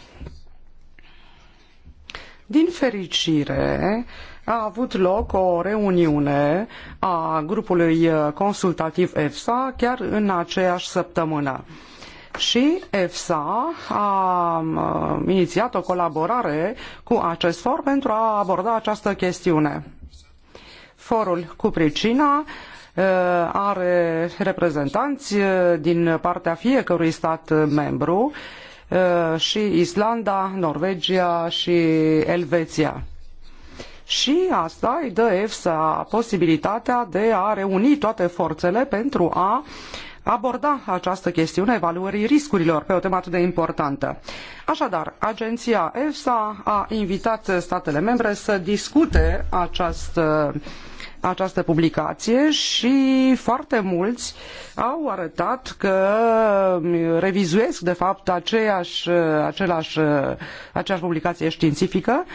[SPEAKER 4] Din fericire, a avut loc o reuniune a grupului uh, consultativ EFSA chiar în aceeași săptămână. Și EFSA a um, inițiat o colaborare cu acest for pentru a aborda această chestiune. Forul cu pricina Uh, are reprezentanți uh, din partea fiecărui stat membru uh, și Islanda, Norvegia și Elveția. Și asta îi dă EFSA posibilitatea de a reuni toate forțele pentru a aborda această chestiune evaluării riscurilor pe o temă atât de importantă. Așadar, agenția EFSA a invitat statele membre să discute această uh, această publicație și foarte mulți au arătat că mm, revizuiesc de fapt aceeași, același, aceeași publicație științifică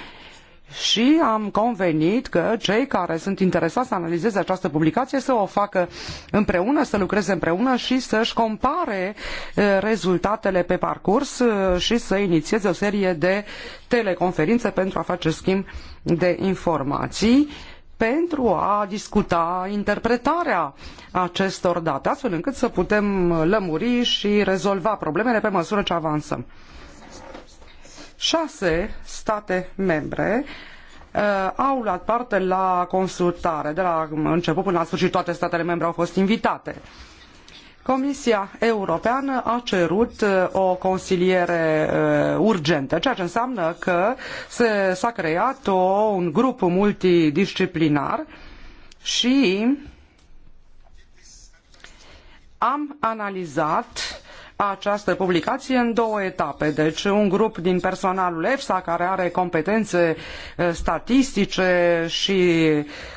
[SPEAKER 4] și am convenit că cei care sunt interesați să analizeze această publicație să o facă împreună, să lucreze împreună și să-și compare rezultatele pe parcurs și să inițieze o serie de teleconferințe pentru a face schimb de informații pentru a discuta interpretarea acestor date, astfel încât să putem lămuri și rezolva problemele pe măsură ce avansăm. Șase state membre uh, au luat parte la consultare. De la început până la sfârșit toate statele membre au fost invitate. Uh, Comisia Europeană a cerut uh, o consiliere uh, urgentă, ceea ce înseamnă că s-a creat o, un grup multidisciplinar și am analizat această publicație în două etape. Deci un grup din personalul EFSA care are competențe uh, statistice și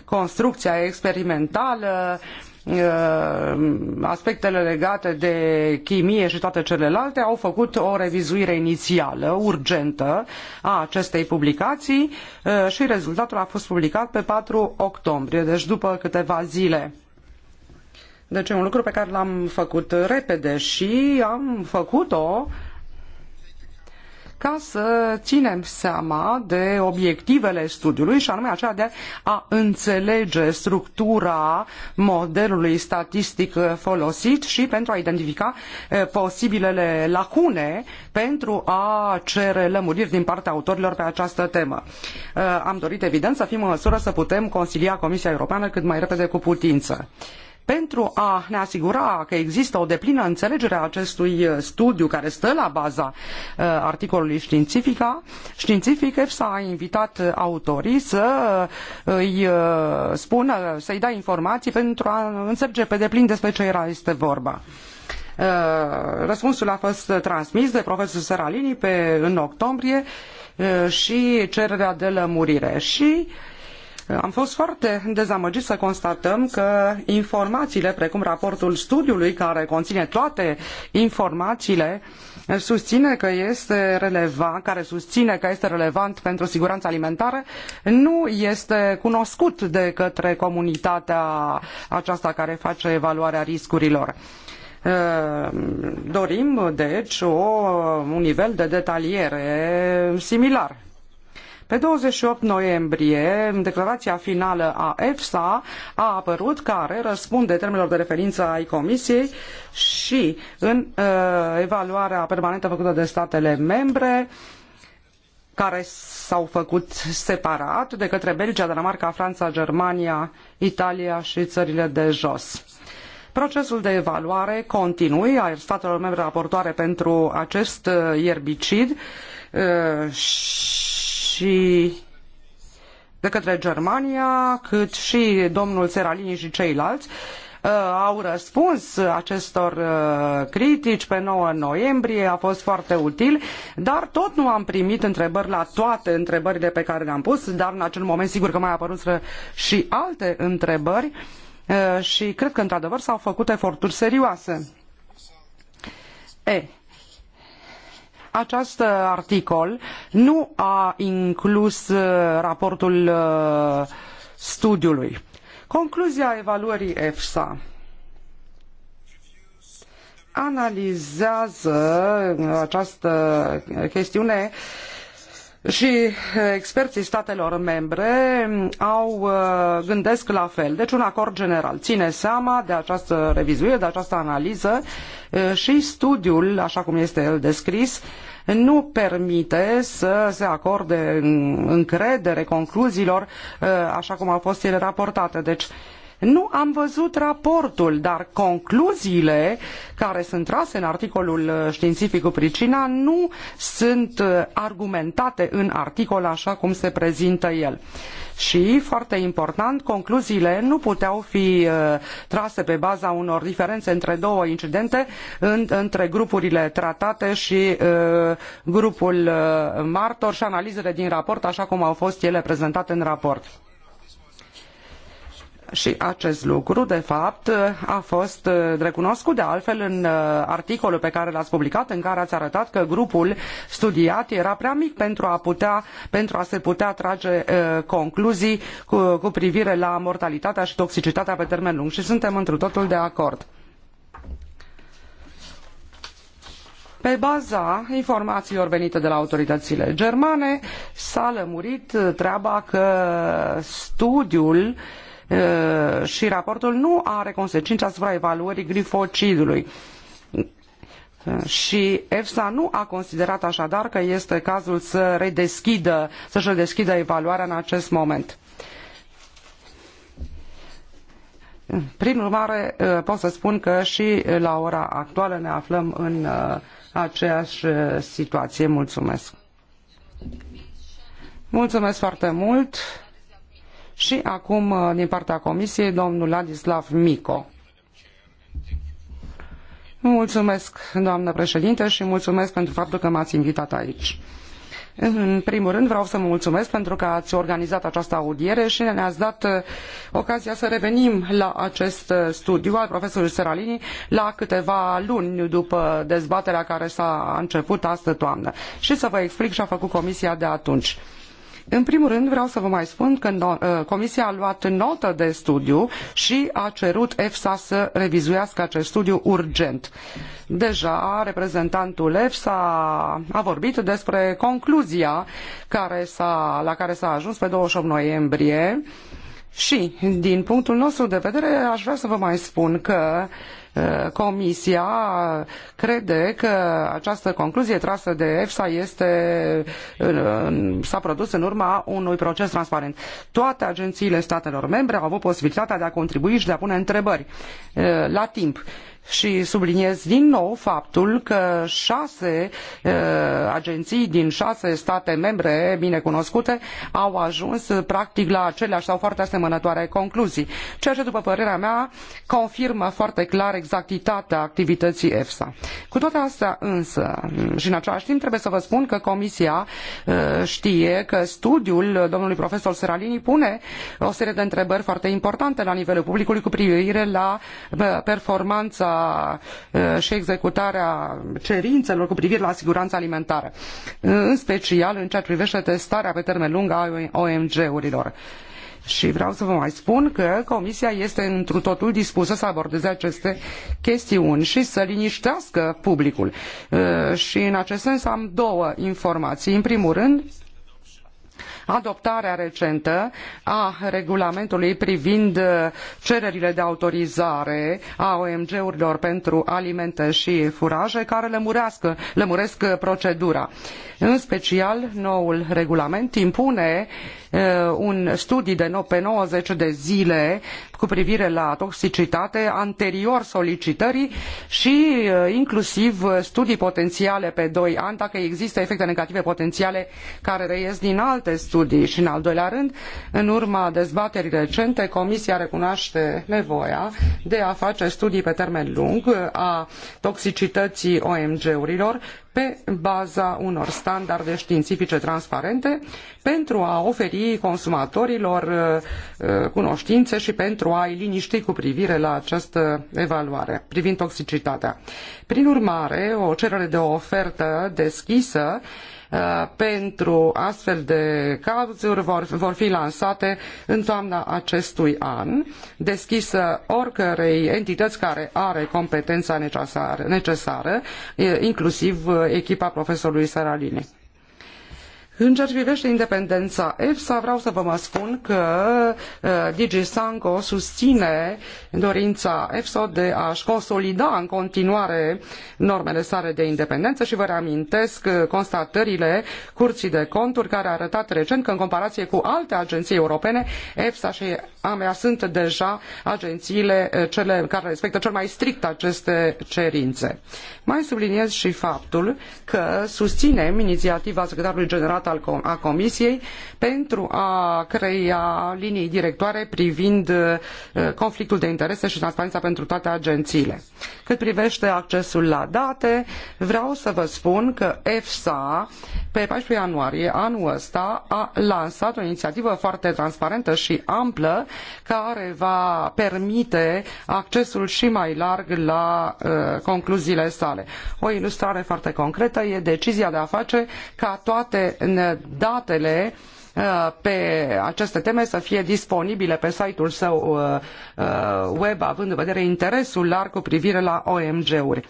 [SPEAKER 4] construcția experimentală uh, Uh, aspectele legate de chimie și toate celelalte au făcut o revizuire inițială, urgentă, a acestei publicații uh, și rezultatul a fost publicat pe 4 octombrie, deci după câteva zile. Deci e un lucru pe care l-am făcut repede și am făcut-o uh, ca să ținem seama de obiectivele studiului și anume aceea de a înțelege structura modelului statistic folosit și pentru a identifica posibilele lacune pentru a cere lămuriri din partea autorilor pe această temă. Am dorit, evident, să fim în măsură să putem consilia Comisia Europeană cât mai repede cu putință. Pentru a ne asigura că există o deplină înțelegere a acestui uh, studiu care stă la baza uh, articolului științific, științific EFSA a invitat uh, autorii să îi spună, să-i dea informații pentru a înțelege pe deplin despre ce era este vorba. Răspunsul a fost transmis de profesor Seralini pe, în octombrie și cererea de lămurire. Și uh, am fost foarte dezamăgit să constatăm că informațiile, precum raportul studiului care conține toate informațiile, susține că este relevant, care susține că este relevant pentru siguranța alimentară, nu este cunoscut de către comunitatea aceasta care face evaluarea riscurilor. Dorim, deci, o, un nivel de detaliere similar pe 28 noiembrie, în declarația finală a EFSA a apărut care răspunde termenilor de referință ai Comisiei și în uh, evaluarea permanentă făcută de statele membre care s-au făcut separat de către Belgia, Danemarca, Franța, Germania, Italia și țările de jos. Procesul de evaluare continui a statelor membre raportoare pentru acest uh, ierbicid și uh, și de către Germania, cât și domnul Seralini și ceilalți, uh, au răspuns acestor uh, critici pe 9 noiembrie, a fost foarte util, dar tot nu am primit întrebări la toate întrebările pe care le-am pus, dar în acel moment sigur că mai apărut și alte întrebări uh, și cred că într-adevăr s-au făcut eforturi serioase. E, acest articol nu a inclus uh, raportul uh, studiului. Concluzia evaluării EFSA analizează această chestiune uh, și eh, experii statelor membre au eh, gândesc la fel. Deci un acord general ine seama de această revizuire, de această analiză eh, și studiul, așa cum este el descris, nu permite să se acorde încredere concluziilor așa cum au fost ele raportate. Deci nu am văzut raportul, dar concluziile care sunt trase în articolul uh, științific cu pricina nu sunt uh, argumentate în articol așa cum se prezintă el. Și, foarte important, concluziile nu puteau fi uh, trase pe baza unor diferențe între două incidente, între grupurile tratate și grupul martor și analizele din raport, așa cum au fost ele prezentate în raport. Și acest lucru, de fapt, a fost uh, recunoscut de altfel în uh, articolul pe care l-ați publicat, în care ați arătat că grupul studiat era prea mic pentru a, putea, pentru a se putea trage uh, concluzii cu, cu privire la mortalitatea și toxicitatea pe termen lung. Și suntem întru totul de acord. Pe baza informațiilor venite de la autoritățile germane, s-a lămurit treaba că studiul uh, Uh, și raportul nu are consecine asupra evaluării glifocidului. Uh, și EFSA nu a considerat aadar că este cazul să redeschidă, să redeschidă evaluarea în acest moment. Uh, prin urmare, pot să spun că și la ora actuală ne aflăm în aceeași situație. Mulțumesc! Mulțumesc foarte mult! Și acum, uh, din partea Comisiei, domnul Ladislav Mico. Mulțumesc, doamnă președinte, și mulțumesc pentru faptul că m-ați invitat aici. În primul rând vreau să mă mulțumesc pentru că ați organizat această audiere și ne-ați dat uh, ocazia să revenim la acest uh, studiu al profesorului Seralini la câteva luni după dezbaterea care s-a început astă toamnă și să vă explic ce a făcut comisia de atunci. În primul rând vreau să vă mai spun că uh, Comisia a luat notă de studiu și a cerut EFSA să revizuiască acest studiu urgent. Deja reprezentantul EFSA a vorbit despre concluzia care la care s-a ajuns pe 28 noiembrie și, din punctul nostru de vedere, aș vrea să vă mai spun că uh, Eh, comisia crede că această concluzie trasă de EFSA este, s-a produs în urma unui proces transparent. Toate agențiile statelor membre au avut posibilitatea de a contribui și de a pune întrebări eh, la timp și subliniez din nou faptul că șase agenții din șase state membre binecunoscute au ajuns practic la aceleași sau foarte asemănătoare concluzii, ceea ce, după părerea mea, confirmă foarte clar exactitatea activității EFSA. Cu toate astea însă, și în același timp trebuie să vă spun că Comisia știe că studiul domnului profesor Seralini pune o serie de întrebări foarte importante la nivelul publicului cu privire la performanța Uh, și executarea cerințelor cu privire la siguranța alimentară, uh, în special în ceea ce privește testarea pe termen lung a OMG-urilor. Și vreau să vă mai spun că Comisia este întru totul dispusă să abordeze aceste chestiuni și să liniștească publicul. Uh, și în acest sens am două informații. În primul rând, adoptarea recentă a regulamentului privind uh, cererile de autorizare a OMG-urilor pentru alimente și furaje care lămurească, lămuresc uh, procedura. În special, noul regulament impune uh, Uh, un studiu de pe 90 de zile cu privire la toxicitate anterior solicitării și uh, inclusiv uh, studii potențiale pe 2 ani dacă există efecte negative potențiale care reies din alte studii. Și în al doilea rând, în urma dezbaterii recente, Comisia recunoaște nevoia de a face studii pe termen lung a toxicității OMG-urilor pe baza unor standarde științifice transparente pentru a oferi oferi consumatorilor uh, uh, cunoștințe și pentru a-i liniști cu privire la această evaluare privind toxicitatea. Prin urmare, o cerere de ofertă deschisă uh, pentru astfel de cazuri vor, vor fi lansate în toamna acestui an, deschisă oricărei entități care are competența necesară, necesară inclusiv echipa profesorului Saralini. În ce privește independența EFSA, vreau să vă mai spun că uh, DG Sanco susține dorința EFSA de a-și consolida în continuare normele sale de independență și vă reamintesc uh, constatările Curții de Conturi care a arătat recent că în comparație cu alte agenții europene, EFSA și AMEA sunt deja agențiile uh, cele care respectă cel mai strict aceste cerințe. Mai subliniez și faptul că susținem inițiativa Secretarului General mandat al, a Comisiei pentru a crea linii directoare privind uh, conflictul de interese și transparența pentru toate agențiile. Cât privește accesul la date, vreau să vă spun că EFSA pe 14 ianuarie anul ăsta a lansat o inițiativă foarte transparentă și amplă care va permite accesul și mai larg la uh, concluziile sale. O ilustrare foarte concretă e decizia de a face ca toate în datele uh, pe aceste teme să fie disponibile pe site-ul său uh, uh, web, având în vedere interesul larg cu privire la OMG-uri.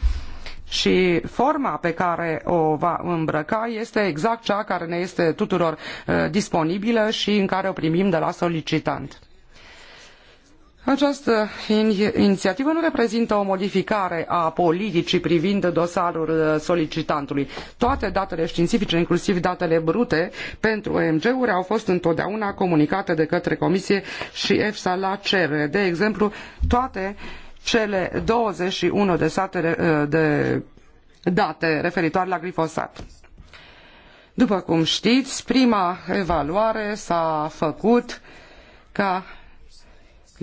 [SPEAKER 4] Și forma pe care o va îmbrăca este exact cea care ne este tuturor disponibilă și în care o primim de la solicitant. Această inițiativă nu reprezintă o modificare a politicii privind dosarul uh, solicitantului. Toate datele științifice, inclusiv datele brute pentru OMG-uri, au fost întotdeauna comunicate de către Comisie și EFSA la cerere. De exemplu, toate cele 21 de, satele, uh, de date referitoare la glifosat. După cum știți, prima evaluare s-a făcut ca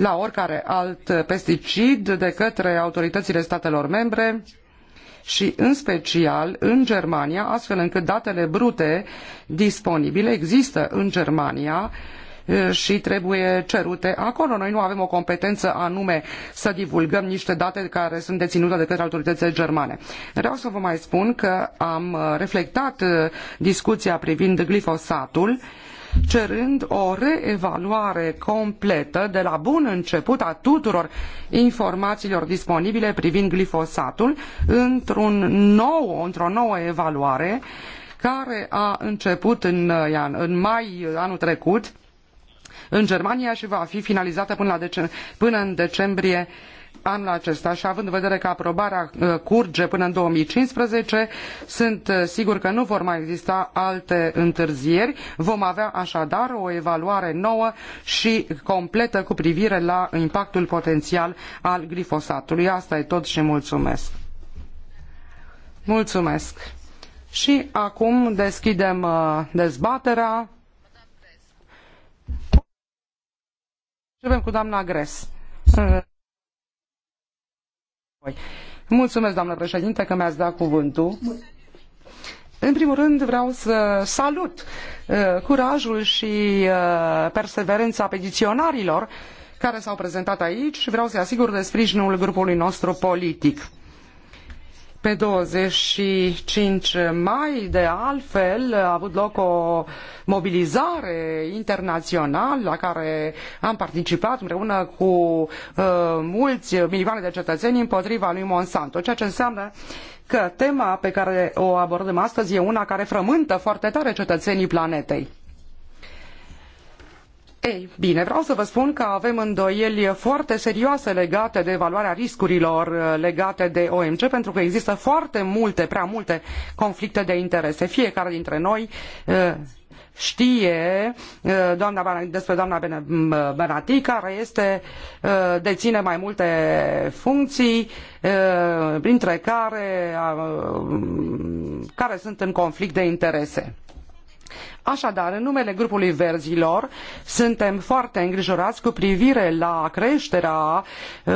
[SPEAKER 4] la oricare alt pesticid de către autoritățile statelor membre și în special în Germania, astfel încât datele brute disponibile există în Germania și trebuie cerute acolo. Noi nu avem o competență anume să divulgăm niște date care sunt deținute de către autoritățile germane. Vreau să vă mai spun că am reflectat discuția privind glifosatul uh, cerând o reevaluare completă de la bun început a tuturor informațiilor disponibile privind glifosatul într-un nou, într-o nouă evaluare care a început în, în mai anul trecut în Germania și va fi finalizată până, la dece- până în decembrie uh, anul acesta și având în vedere că aprobarea uh, curge până în 2015, sunt uh, sigur că nu vor mai exista alte întârzieri. Vom avea așadar o evaluare nouă și completă cu privire la impactul potențial al glifosatului. Asta e tot și mulțumesc. Mulțumesc. Și acum deschidem uh, dezbaterea. Începem cu doamna Gres. Mulțumesc, doamnă președinte, că mi-ați dat cuvântul. În primul rând vreau să salut uh, curajul și uh, perseverența petiționarilor care s-au prezentat aici și vreau să-i asigur de sprijinul grupului nostru politic. Pe 25 mai, de altfel, a avut loc o mobilizare internațională la care am participat împreună cu uh, mulți milioane de cetățeni împotriva lui Monsanto, ceea ce înseamnă că tema pe care o abordăm astăzi e una care frământă foarte tare cetățenii planetei. Ei bine, vreau să vă spun că avem îndoieli foarte serioase legate de evaluarea riscurilor uh, legate de OMC, pentru că există foarte multe, prea multe conflicte de interese. Fiecare dintre noi uh, știe uh, doamna, despre doamna Benati, care este, deține mai multe funcții, printre care, care sunt în conflict de interese. Așadar, în numele grupului verzilor, suntem foarte îngrijorați cu privire la creșterea uh,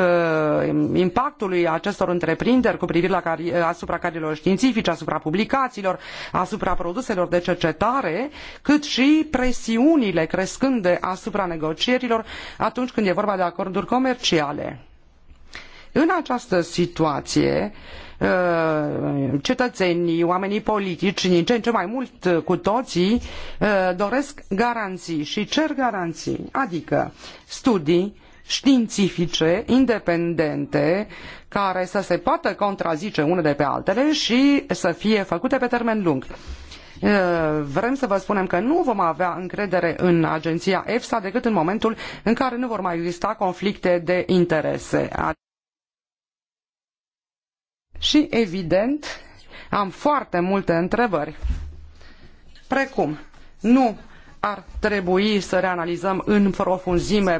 [SPEAKER 4] impactului acestor întreprinderi cu privire la cari- asupra carierelor științifice, asupra publicațiilor, asupra produselor de cercetare, cât și presiunile crescânde asupra negocierilor atunci când e vorba de acorduri comerciale. În această situație, uh, Uh, cetățenii, oamenii politici, din ce în ce mai mult uh, cu toții, uh, doresc garanții și cer garanții, adică studii științifice, independente, care să se poată contrazice unele de pe altele și să fie făcute pe termen lung vrem să vă spunem că nu vom avea încredere în agenția EFSA decât în momentul în care nu vor mai exista conflicte de interese și, evident, am foarte multe întrebări. Precum, nu ar trebui să reanalizăm în profunzime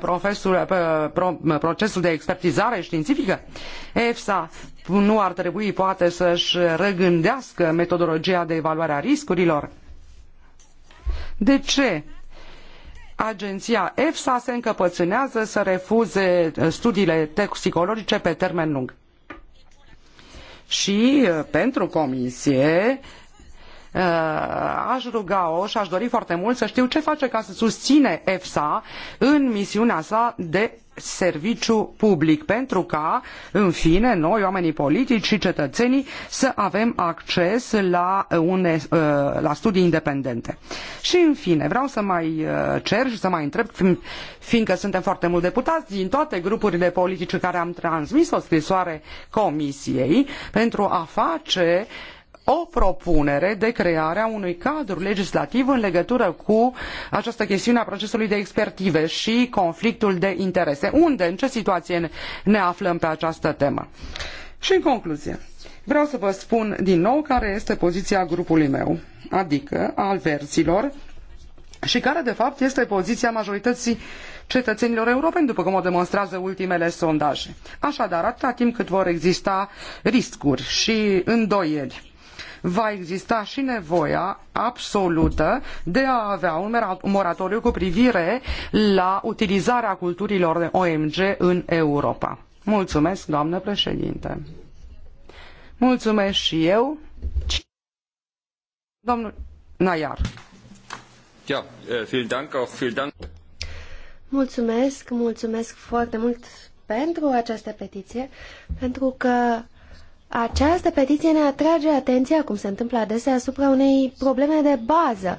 [SPEAKER 4] procesul de expertizare științifică? EFSA nu ar trebui poate să-și regândească metodologia de evaluare a riscurilor? De ce agenția EFSA se încăpățânează să refuze studiile toxicologice pe termen lung? și uh, pentru comisie uh, aș ruga-o și aș dori foarte mult să știu ce face ca să susține EFSA în misiunea sa de serviciu public, pentru ca, în fine, noi, oamenii politici și cetățenii, să avem acces la, une, uh, la studii independente. Și, în fine, vreau să mai uh, cer și să mai întreb, fiindcă suntem foarte mulți deputați din toate grupurile politice care am transmis o scrisoare Comisiei pentru a face uh, o propunere de creare a unui cadru legislativ în legătură cu această chestiune a procesului de expertiză și conflictul de interese. Unde, în ce situație ne aflăm pe această temă? Și în concluzie, vreau să vă spun din nou care este poziția grupului meu, adică al verților, și care de fapt este poziția majorității cetățenilor europeni, după cum o demonstrează ultimele sondaje. Așadar, atâta timp cât vor exista riscuri și îndoieli va exista și nevoia absolută de a avea un moratoriu cu privire la utilizarea culturilor de OMG în Europa. Mulțumesc, doamnă președinte. Mulțumesc și eu. Domnul Naiar. Ja, eh, vielen Dank, auch vielen Dank.
[SPEAKER 2] Mulțumesc, mulțumesc foarte mult pentru această petiție, pentru că această petiție ne atrage atenția, cum se întâmplă adesea, asupra unei probleme de bază.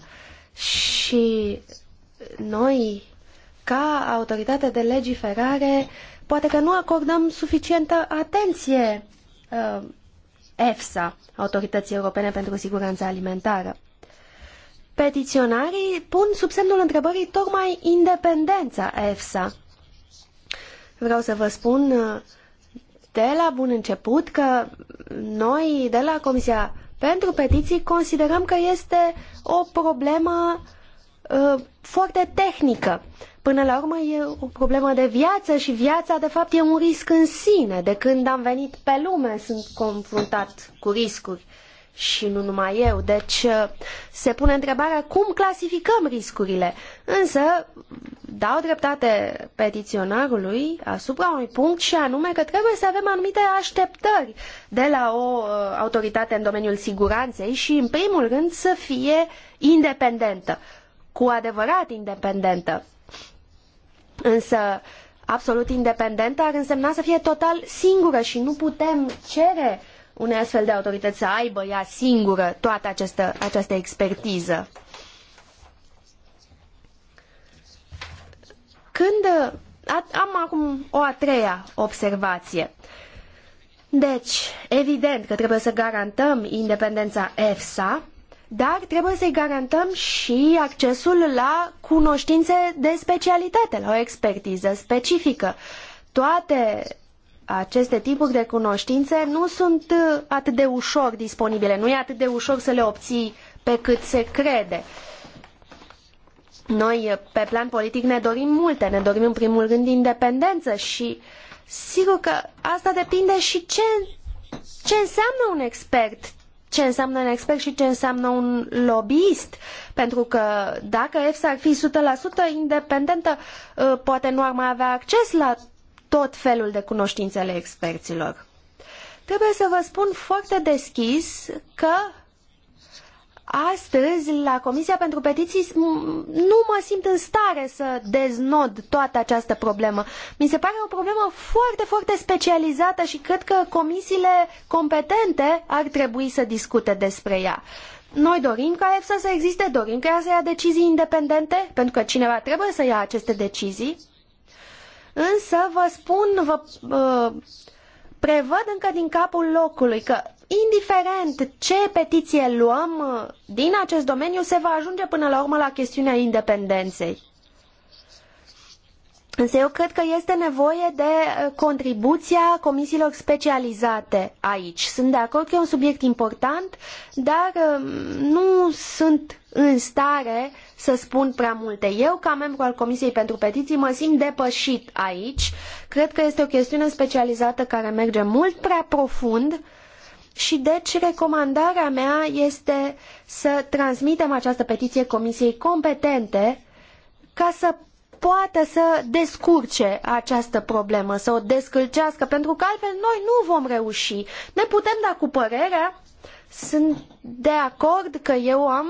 [SPEAKER 2] Și noi, ca autoritate de legiferare, poate că nu acordăm suficientă atenție uh, EFSA, Autorității Europene pentru Siguranța Alimentară. Petiționarii pun sub semnul întrebării tocmai independența EFSA. Vreau să vă spun uh, de la bun început că noi de la Comisia pentru Petiții considerăm că este o problemă uh, foarte tehnică. Până la urmă e o problemă de viață și viața de fapt e un risc în sine. De când am venit pe lume sunt confruntat cu riscuri și nu numai eu. Deci uh, se pune întrebarea cum clasificăm riscurile. Însă dau dreptate petiționarului asupra unui punct și anume că trebuie să avem anumite așteptări de la o uh, autoritate în domeniul siguranței și în primul rând să fie independentă, cu adevărat independentă. Însă absolut independentă ar însemna să fie total singură și nu putem cere uh, unei astfel de autorități să aibă ea singură toată această, această expertiză. Când am acum o a treia observație. Deci, evident că trebuie să garantăm independența EFSA, dar trebuie să-i garantăm și accesul la cunoștințe de specialitate, la o expertiză specifică. Toate aceste tipuri de cunoștințe nu sunt uh, atât de ușor disponibile, nu e atât de ușor să le obții pe cât se crede. Noi, uh, pe plan politic, ne dorim multe, ne dorim în primul rând independență și sigur că asta depinde și ce, ce înseamnă un expert, ce înseamnă un expert și ce înseamnă un lobbyist. Pentru că dacă EFSA ar fi 100% independentă, uh, poate nu ar mai avea acces la tot felul de cunoștințele experților. Trebuie să vă spun foarte deschis că astăzi la Comisia pentru Petiții nu mă simt în stare să deznod toată această problemă. Mi se pare o problemă foarte, foarte specializată și cred că comisiile competente ar trebui să discute despre ea. Noi dorim ca EFSA să existe, dorim ca ea să ia decizii independente, pentru că cineva trebuie să ia aceste decizii. Însă vă spun, vă uh, prevăd încă din capul locului că indiferent ce petiție luăm uh, din acest domeniu, se va ajunge până la urmă la chestiunea independenței. Însă eu cred că este nevoie de uh, contribuția comisiilor specializate aici. Sunt de acord că e un subiect important, dar uh, nu sunt în stare să spun prea multe. Eu, ca membru al Comisiei pentru Petiții, mă simt depășit aici. Cred că este o chestiune specializată care merge mult prea profund și deci recomandarea mea este să transmitem această petiție Comisiei competente ca să poată să descurce această problemă, să o descâlcească, pentru că altfel noi nu vom reuși. Ne putem da cu părerea, sunt de acord că eu am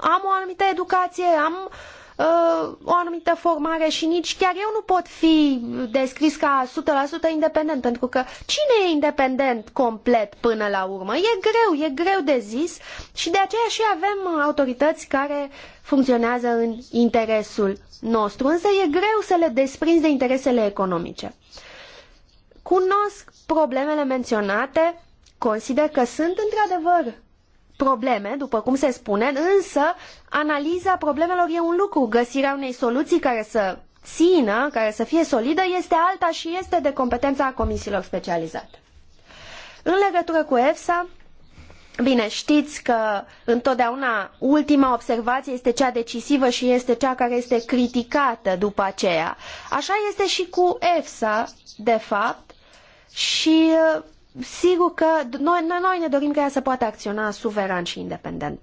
[SPEAKER 2] am o anumită educație, am uh, o anumită formare și nici chiar eu nu pot fi descris ca 100% independent, pentru că cine e independent complet până la urmă? E greu, e greu de zis și de aceea și avem autorități care funcționează în interesul nostru, însă e greu să le desprinzi de interesele economice. Cunosc problemele menționate, consider că sunt într-adevăr probleme, după cum se spune, însă analiza problemelor e un lucru, găsirea unei soluții care să țină, care să fie solidă, este alta și este de competența comisiilor specializate. În legătură cu EFSA, Bine, știți că întotdeauna ultima observație este cea decisivă și este cea care este criticată după aceea. Așa este și cu EFSA, de fapt, și sigur că noi, noi ne dorim ca ea să poată acționa suveran și independent.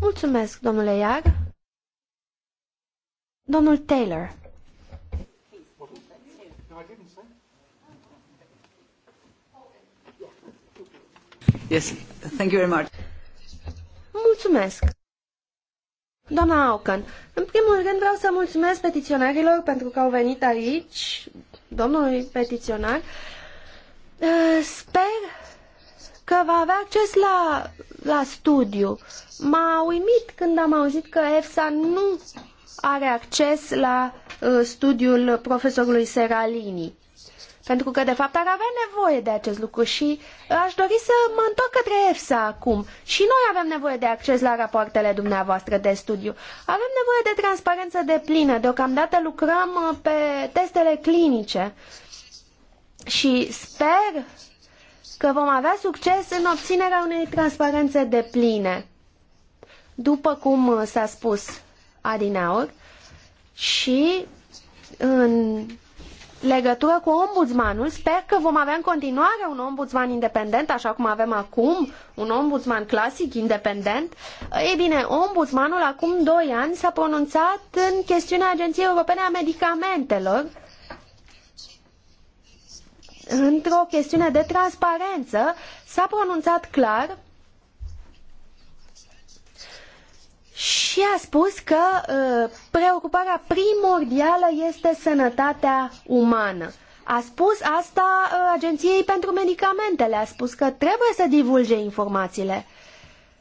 [SPEAKER 2] Mulțumesc, domnule Iar. Domnul Taylor.
[SPEAKER 3] Yes, thank you very much.
[SPEAKER 2] Mulțumesc. Doamna Aucan, în primul rând vreau să mulțumesc petiționarilor pentru că au venit aici, domnului petiționar, uh, Eh, sper că va avea acces la, la studiu. M-a uimit când am auzit că EFSA nu are acces la uh, studiul profesorului Seralini. Pentru că, de fapt, ar avea nevoie de acest lucru și aș dori să mă întorc către EFSA acum. Și noi avem nevoie de acces la rapoartele dumneavoastră de studiu. Avem nevoie de transparență de plină. Deocamdată lucrăm eh, pe testele clinice și sper că vom avea succes în obținerea unei transparențe de pline, după cum s-a spus adineaur, și în legătură cu ombudsmanul, sper că vom avea în continuare un ombudsman independent, așa cum avem acum, un ombudsman clasic, independent. Ei bine, ombudsmanul acum doi ani s-a pronunțat în chestiunea Agenției Europene a Medicamentelor, într-o chestiune de transparență, s-a pronunțat clar și a spus că uh, preocuparea primordială este sănătatea umană. A spus asta uh, Agenției pentru Medicamentele, a spus că trebuie să divulge informațiile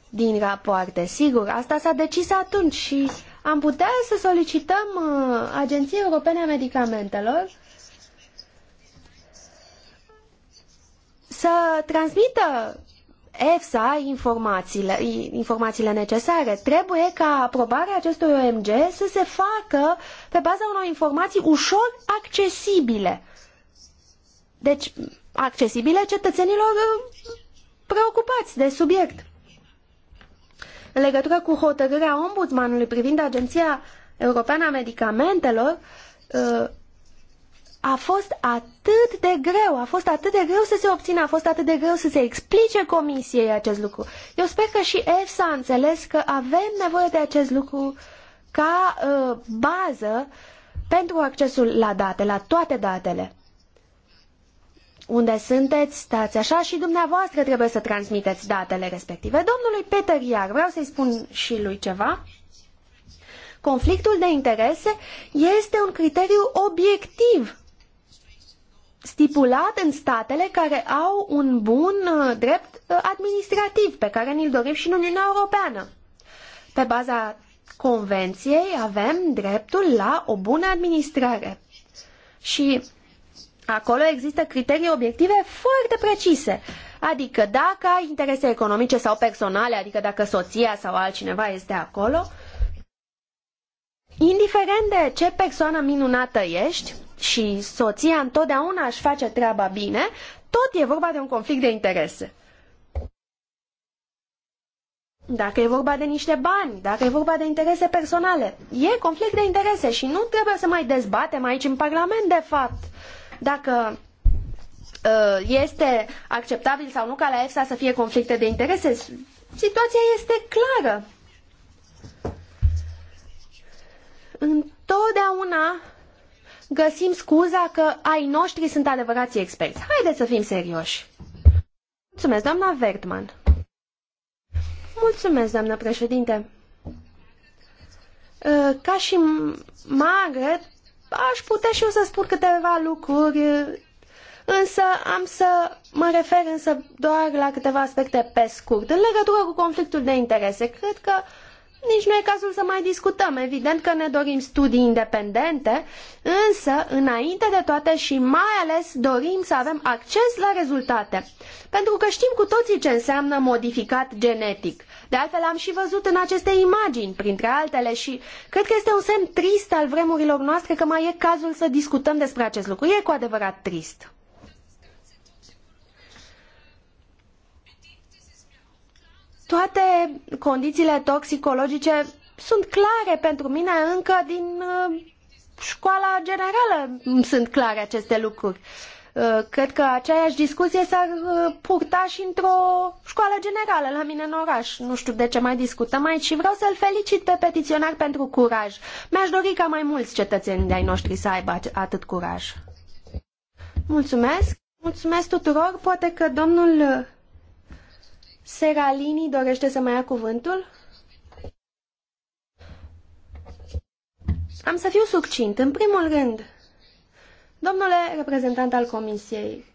[SPEAKER 2] din rapoarte. Sigur, asta s-a decis atunci și am putea să solicităm uh, Agenției Europene a Medicamentelor să transmită EFSA informațiile, informațiile necesare. Trebuie ca aprobarea acestui OMG să se facă pe baza unor informații ușor accesibile. Deci, accesibile cetățenilor uh, preocupați de subiect. În legătură cu hotărârea ombudsmanului privind Agenția Europeană a Medicamentelor, uh, a fost atât de greu, a fost atât de greu să se obțină, a fost atât de greu să se explice comisiei acest lucru. Eu sper că și EFSA a înțeles că avem nevoie de acest lucru ca uh, bază pentru accesul la date, la toate datele. Unde sunteți, stați așa și dumneavoastră trebuie să transmiteți datele respective. Domnului Peter Iar, vreau să-i spun și lui ceva. Conflictul de interese este un criteriu obiectiv stipulat în statele care au un bun uh, drept uh, administrativ pe care ni-l dorim și în Uniunea Europeană. Pe baza Convenției avem dreptul la o bună administrare. Și acolo există criterii obiective foarte precise. Adică dacă ai interese economice sau personale, adică dacă soția sau altcineva este acolo, indiferent de ce persoană minunată ești, și soția întotdeauna își face treaba bine, tot e vorba de un conflict de interese. Dacă e vorba de niște bani, dacă e vorba de interese personale, e conflict de interese și nu trebuie să mai dezbatem aici în Parlament, de fapt, dacă uh, este acceptabil sau nu ca la EFSA să fie conflicte de interese. Situația este clară. Întotdeauna găsim scuza că ai noștri sunt adevărații experți. Haideți să fim serioși. Mulțumesc, doamna Vertman. Mulțumesc, doamna președinte. Ă, ca și Margaret, aș putea și eu să spun câteva lucruri, însă am să mă refer însă doar la câteva aspecte pe scurt. În legătură cu conflictul de interese, cred că uh, nici nu e cazul să mai discutăm. Evident că ne dorim studii independente, însă, înainte de toate și mai ales dorim să avem acces la rezultate. Pentru că știm cu toții ce înseamnă modificat genetic. De altfel am și văzut în aceste imagini, printre altele, și cred că este un semn trist al vremurilor noastre că mai e cazul să discutăm despre acest lucru. E cu adevărat trist. Toate condițiile toxicologice sunt clare pentru mine încă din uh, școala generală sunt clare aceste lucruri. Uh, cred că aceeași discuție s-ar uh, purta și într-o școală generală la mine în oraș. Nu știu de ce mai discutăm aici și vreau să-l felicit pe petiționar pentru curaj. Mi-aș dori ca mai mulți cetățeni de-ai noștri să aibă atât curaj. Mulțumesc! Mulțumesc tuturor! Poate că domnul Seralini dorește să mai ia cuvântul? Am să fiu succint. În primul rând, domnule reprezentant al Comisiei,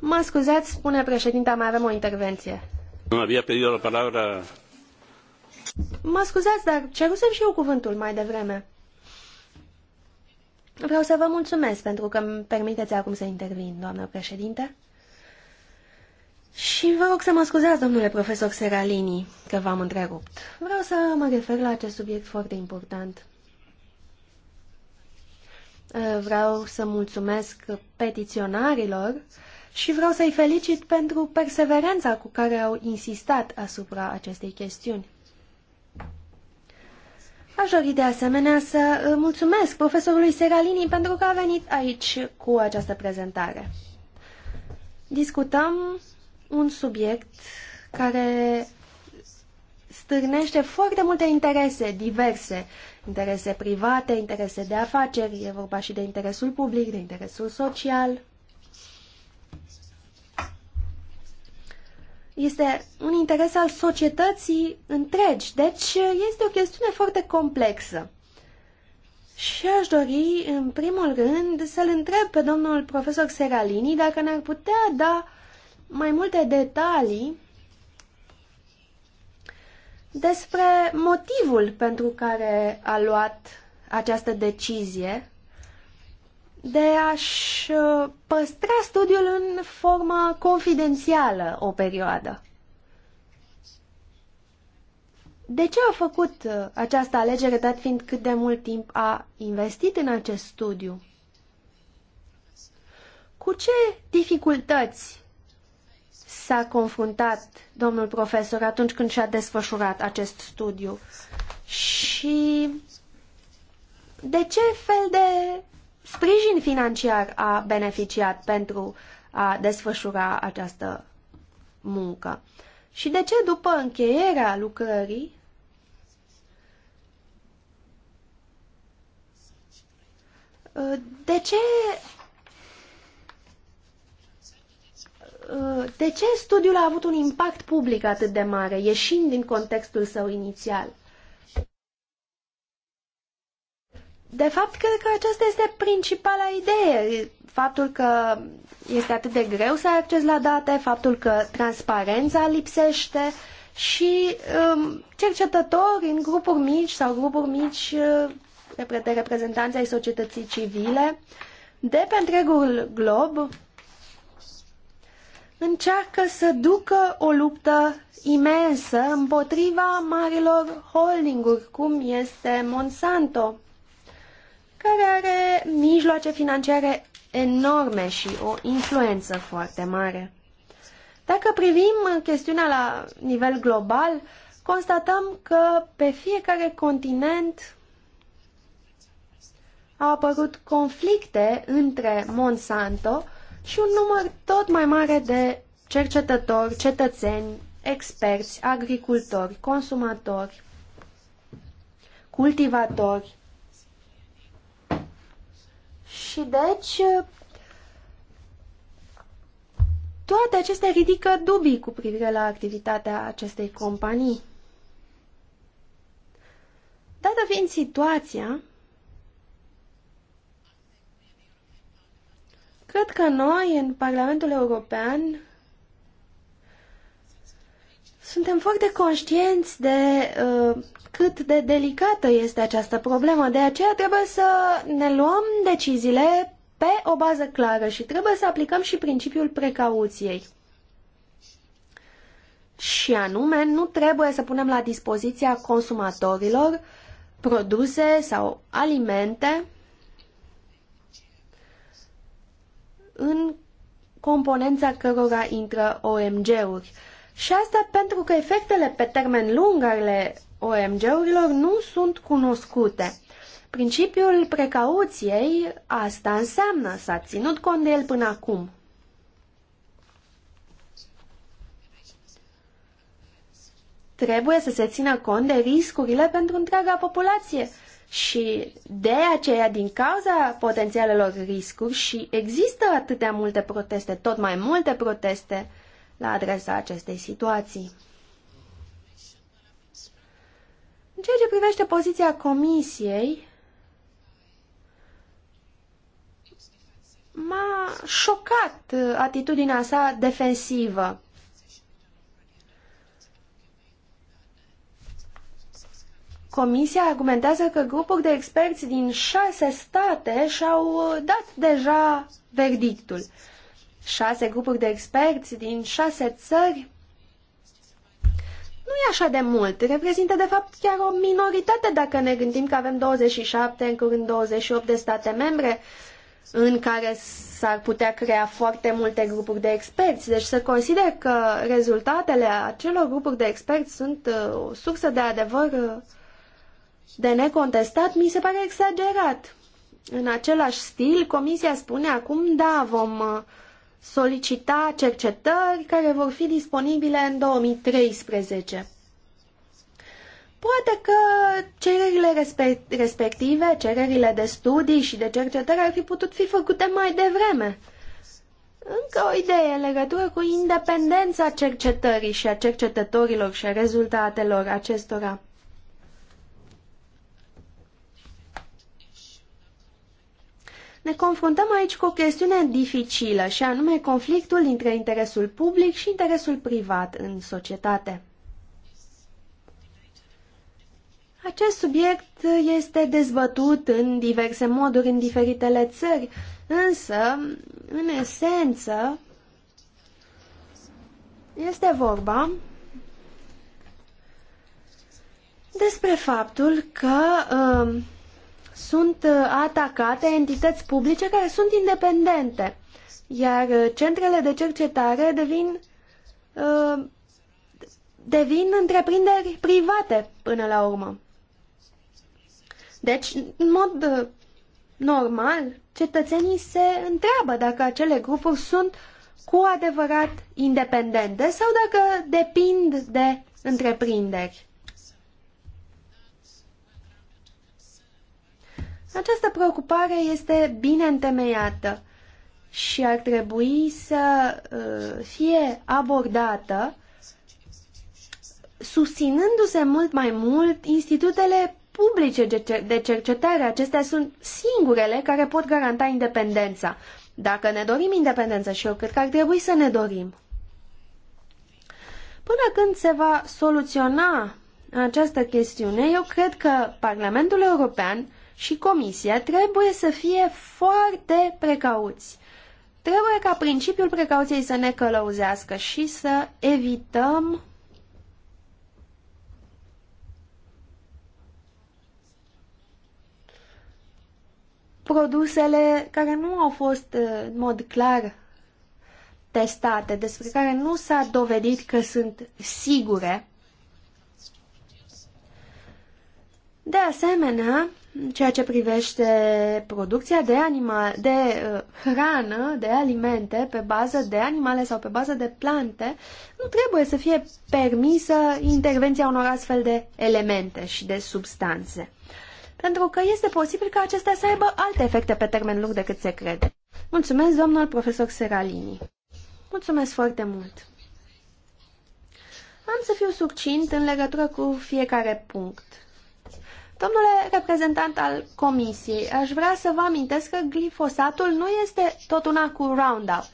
[SPEAKER 2] Mă scuzați, spune președinta, mai avem o intervenție.
[SPEAKER 1] Nu avea pedido la palabra...
[SPEAKER 2] Mă scuzați, dar cerusem și eu cuvântul mai devreme. Vreau să vă mulțumesc pentru că îmi permiteți acum să intervin, doamnă președinte. Și vă rog să mă scuzați, domnule profesor Seralini, că v-am întrerupt. Vreau să mă refer la acest subiect foarte important. Vreau să mulțumesc petiționarilor și vreau să-i felicit pentru perseverența cu care au insistat asupra acestei chestiuni. Aș dori de asemenea să uh, mulțumesc profesorului Seralini pentru că a venit aici cu această prezentare. Discutăm un subiect care stârnește foarte multe interese diverse, interese private, interese de afaceri, e vorba și de interesul public, de interesul social. Este un interes al societății întregi, deci este o chestiune foarte complexă. Și aș dori, în primul rând, să-l întreb pe domnul profesor Seralini dacă ne-ar putea da mai multe detalii despre motivul pentru care a luat această decizie de a-și uh, păstra studiul în formă confidențială o perioadă. De ce a făcut uh, această alegere, dat fiind cât de mult timp a investit în acest studiu? Cu ce dificultăți s-a confruntat domnul profesor atunci când și-a desfășurat acest studiu? Și de ce fel de sprijin financiar a beneficiat pentru a desfășura această muncă. Și de ce după încheierea lucrării De ce de ce studiul a avut un impact public atât de mare, ieșind din contextul său inițial? De fapt, cred că aceasta este principala idee. Faptul că este atât de greu să ai acces la date, faptul că transparența lipsește și um, cercetători în grupuri mici sau grupuri mici uh, de reprezentanți ai societății civile de pe întregul glob încearcă să ducă o luptă imensă împotriva marilor holdinguri, cum este Monsanto care are mijloace financiare enorme și o influență foarte mare. Dacă privim chestiunea la nivel global, constatăm că pe fiecare continent au apărut conflicte între Monsanto și un număr tot mai mare de cercetători, cetățeni, experți, agricultori, consumatori, cultivatori, și deci toate acestea ridică dubii cu privire la activitatea acestei companii. Dată fiind situația, cred că noi, în Parlamentul European, suntem foarte conștienți de uh, cât de delicată este această problemă, de aceea trebuie să ne luăm deciziile pe o bază clară și trebuie să aplicăm și principiul precauției. Și anume, nu trebuie să punem la dispoziția consumatorilor produse sau alimente în componența cărora intră OMG-uri. Uh, și asta pentru că efectele pe termen lung ale OMG-urilor nu sunt cunoscute. Principiul precauției asta înseamnă, s-a ținut cont de el până acum. Trebuie să se țină cont de riscurile pentru întreaga populație și de aceea, din cauza potențialelor riscuri și există atâtea multe proteste, tot mai multe proteste la adresa acestei situații. În ceea ce privește poziția Comisiei, m-a șocat uh, atitudinea sa defensivă. Comisia argumentează că grupuri de experți din șase state și-au uh, dat deja verdictul șase grupuri de experți din șase țări, nu e așa de mult. Reprezintă, de fapt, chiar o minoritate dacă ne gândim că avem 27, în curând 28 de state membre în care s-ar putea crea foarte multe grupuri de experți. Deci să consider că rezultatele acelor grupuri de experți sunt uh, o sursă de adevăr uh, de necontestat, mi se pare exagerat. În același stil, Comisia spune acum, da, vom uh, solicita cercetări care vor fi disponibile în 2013. Poate că cererile respective, cererile de studii și de cercetări ar fi putut fi făcute mai devreme. Încă o idee în legătură cu independența cercetării și a cercetătorilor și a rezultatelor acestora. Ne confruntăm aici cu o chestiune dificilă și anume conflictul dintre interesul public și interesul privat în societate. Acest subiect este dezbătut în diverse moduri în diferitele țări, însă, în esență, este vorba despre faptul că uh, sunt uh, atacate entități publice care sunt independente, iar uh, centrele de cercetare devin, uh, devin întreprinderi private până la urmă. Deci, în mod normal, cetățenii se întreabă dacă acele grupuri sunt cu adevărat independente sau dacă depind de întreprinderi. Această preocupare este bine întemeiată și ar trebui să uh, fie abordată susținându-se mult mai mult institutele publice de cercetare. Acestea sunt singurele care pot garanta independența. Dacă ne dorim independență și eu cred că ar trebui să ne dorim. Până când se va soluționa această chestiune, eu cred că Parlamentul European și Comisia trebuie să fie foarte precauți. Trebuie ca principiul precauției să ne călăuzească și să evităm produsele care nu au fost uh, în mod clar testate, despre care nu s-a dovedit că sunt sigure De asemenea, ceea ce privește producția de, animal, de uh, hrană, de alimente pe bază de animale sau pe bază de plante, nu trebuie să fie permisă intervenția unor astfel de elemente și de substanțe. Pentru că este posibil ca acestea să aibă alte efecte pe termen lung decât se crede. Mulțumesc, domnul profesor Seralini. Mulțumesc foarte mult. Am să fiu succint în legătură cu fiecare punct. Domnule reprezentant al Comisiei, aș vrea să vă amintesc că glifosatul nu este tot una cu Roundup.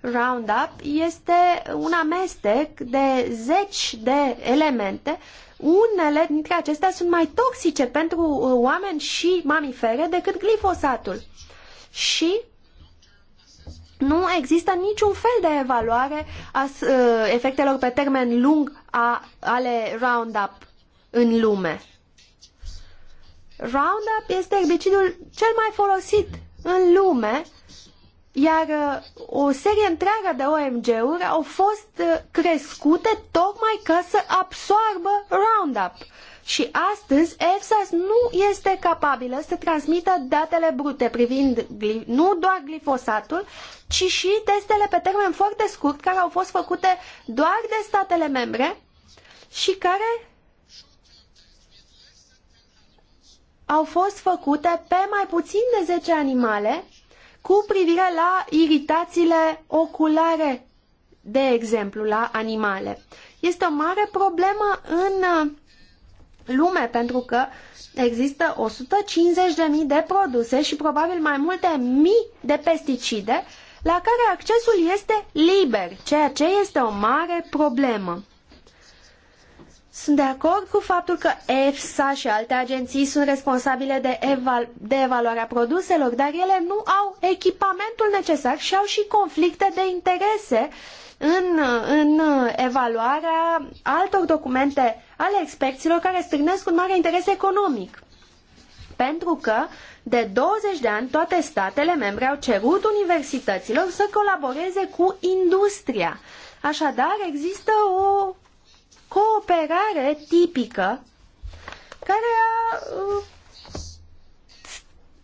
[SPEAKER 2] Roundup este un amestec de zeci de elemente. Unele dintre acestea sunt mai toxice pentru uh, oameni și mamifere decât glifosatul. Și nu există niciun fel de evaluare a uh, efectelor pe termen lung a, ale Roundup în lume. Roundup este herbicidul cel mai folosit în lume, iar uh, o serie întreagă de OMG-uri au fost uh, crescute tocmai ca să absoarbă Roundup. Și astăzi EFSAS nu este capabilă să transmită datele brute privind nu doar glifosatul, ci și testele pe termen foarte scurt care au fost făcute doar de statele membre și care au fost făcute pe mai puțin de 10 animale cu privire la iritațiile oculare, de exemplu, la animale. Este o mare problemă în uh, lume pentru că există 150.000 de produse și probabil mai multe mii de pesticide la care accesul este liber, ceea ce este o mare problemă. Sunt de acord cu faptul că EFSA și alte agenții sunt responsabile de, de evaluarea produselor, dar ele nu au echipamentul necesar și au și conflicte de interese în, în evaluarea altor documente ale experților care strânesc un mare interes economic. Pentru că de 20 de ani toate statele membre au cerut universităților să colaboreze cu industria. Așadar, există o cooperare tipică care a uh,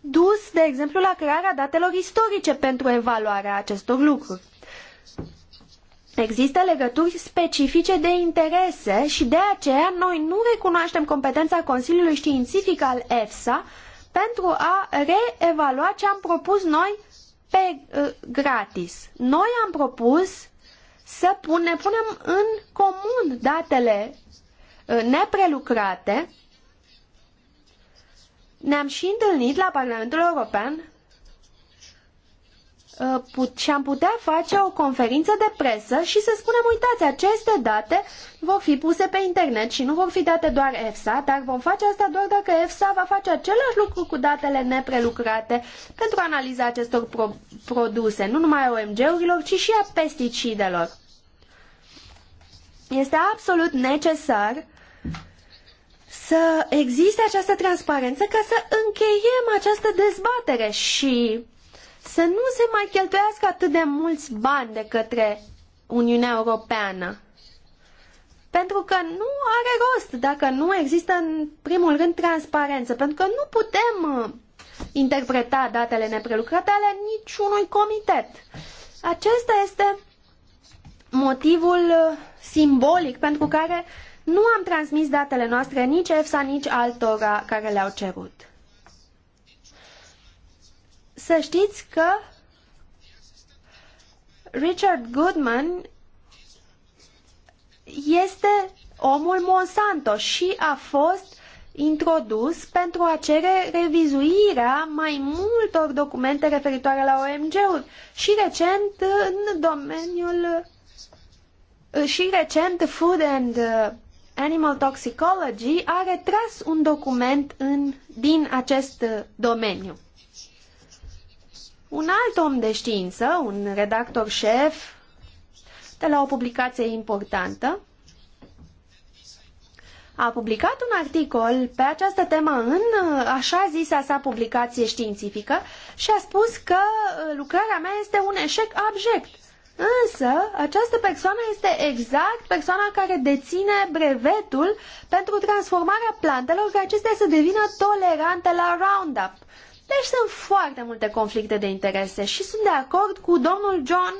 [SPEAKER 2] dus, de exemplu, la crearea datelor istorice pentru evaluarea acestor lucruri. Există legături specifice de interese și de aceea noi nu recunoaștem competența Consiliului Științific al EFSA pentru a reevalua ce am propus noi pe uh, gratis. Noi am propus să ne punem în comun datele uh, neprelucrate. Ne-am și întâlnit la Parlamentul European uh, și am putea face o conferință de presă și să spunem, uitați, aceste date vor fi puse pe internet și nu vor fi date doar EFSA, dar vom face asta doar dacă EFSA va face același lucru cu datele neprelucrate pentru analiza acestor pro produse, nu numai a OMG-urilor, ci și a pesticidelor. Este absolut necesar să existe această transparență ca să încheiem această dezbatere și să nu se mai cheltuiască atât de mulți bani de către Uniunea Europeană. Pentru că nu are rost dacă nu există în primul rând transparență, pentru că nu putem uh, interpreta datele neprelucrate ale niciunui comitet. Acesta este motivul uh, simbolic pentru care nu am transmis datele noastre nici EFSA, nici altora care le-au cerut. Să știți că Richard Goodman este omul Monsanto și a fost introdus pentru a cere revizuirea mai multor documente referitoare la OMG-uri și recent în domeniul și recent Food and uh, Animal Toxicology a retras un document în, din acest uh, domeniu. Un alt om de știință, un redactor șef de la o publicație importantă, a publicat un articol pe această temă în uh, așa zisa sa publicație științifică și a spus că lucrarea mea este un eșec abject. Însă, această persoană este exact persoana care deține brevetul pentru transformarea plantelor ca acestea să devină tolerante la Roundup. Deci sunt foarte multe conflicte de interese și sunt de acord cu domnul John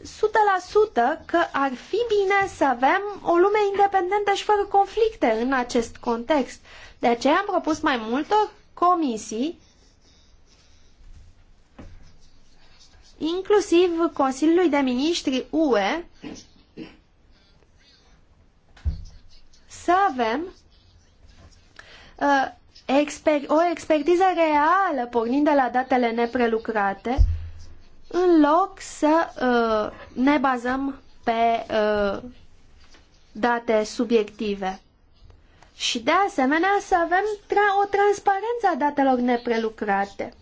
[SPEAKER 2] 100% că ar fi bine să avem o lume independentă și fără conflicte în acest context. De aceea am propus mai multor comisii inclusiv Consiliului de Ministri UE, să avem uh, exper o expertiză reală pornind de la datele neprelucrate, în loc să uh, ne bazăm pe uh, date subiective. Și de asemenea să avem tra o transparență a datelor neprelucrate.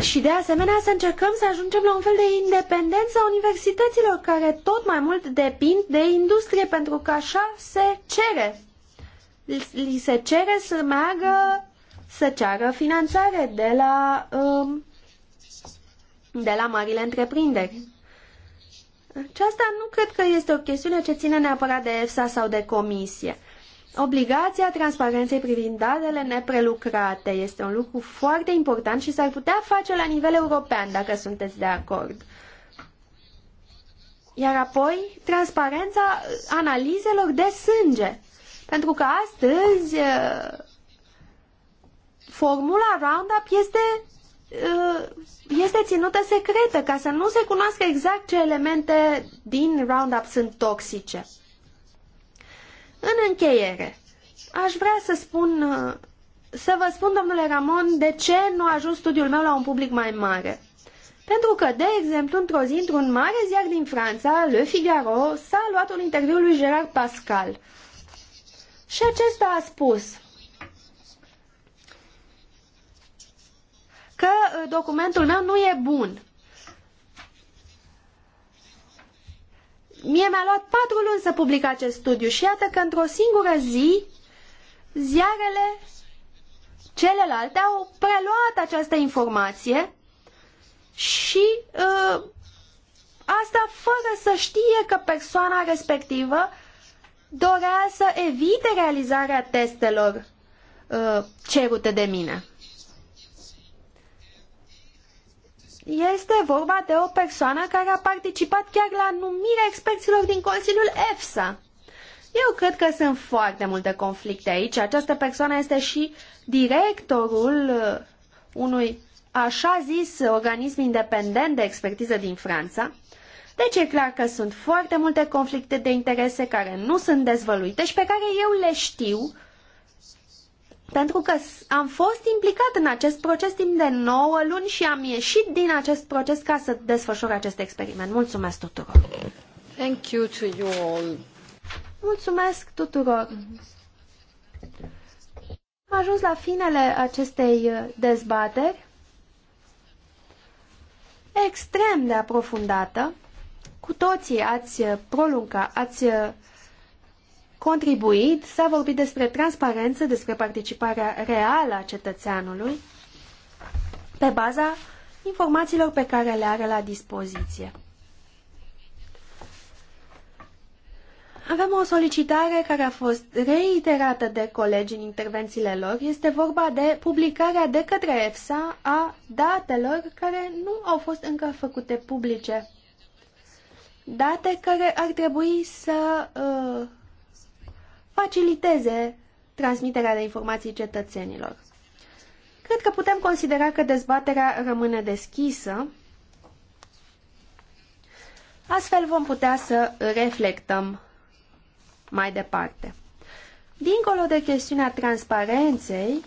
[SPEAKER 2] Și de asemenea să încercăm să ajungem la un fel de independență a universităților care tot mai mult depind de industrie pentru că așa se cere. Li se cere să meargă să ceară finanțare de la, um, de la marile întreprinderi. Aceasta nu cred că este o chestiune ce ține neapărat de EFSA sau de comisie. Obligația transparenței privind datele neprelucrate este un lucru foarte important și s-ar putea face la nivel european, dacă sunteți de acord. Iar apoi, transparența analizelor de sânge. Pentru că astăzi uh, formula Roundup este, uh, este ținută secretă ca să nu se cunoască exact ce elemente din Roundup sunt toxice. În încheiere, aș vrea să spun, să vă spun, domnule Ramon, de ce nu a ajuns studiul meu la un public mai mare. Pentru că, de exemplu, într-o zi, într-un mare ziar din Franța, Le Figaro, s-a luat un interviu lui Gerard Pascal. Și acesta a spus că uh, documentul meu nu e bun. mie mi-a luat patru luni să public acest studiu și iată că într-o singură zi ziarele celelalte au preluat această informație și uh, asta fără să știe că persoana respectivă dorea să evite realizarea testelor uh, cerute de mine. Este vorba de o persoană care a participat chiar la numirea experților din Consiliul EFSA. Eu cred că sunt foarte multe conflicte aici. Această persoană este și directorul uh, unui așa zis organism independent de expertiză din Franța. Deci e clar că sunt foarte multe conflicte de interese care nu sunt dezvăluite și pe care eu le știu pentru că am fost implicat în acest proces timp de 9 luni și am ieșit din acest proces ca să desfășor acest experiment. Mulțumesc tuturor! Thank you to you all. Mulțumesc tuturor! Am ajuns la finele acestei uh, dezbateri extrem de aprofundată. Cu toții ați uh, prolungat, ați uh, contribuit, s-a vorbit despre transparență, despre participarea reală a cetățeanului pe baza informațiilor pe care le are la dispoziție. Avem o solicitare care a fost reiterată de colegi în intervențiile lor. Este vorba de publicarea de către EFSA a datelor care nu au fost încă făcute publice. Date care ar trebui să uh, faciliteze transmiterea de informații cetățenilor. Cred că putem considera că dezbaterea rămâne deschisă. Astfel vom putea să reflectăm mai departe. Dincolo de chestiunea transparenței,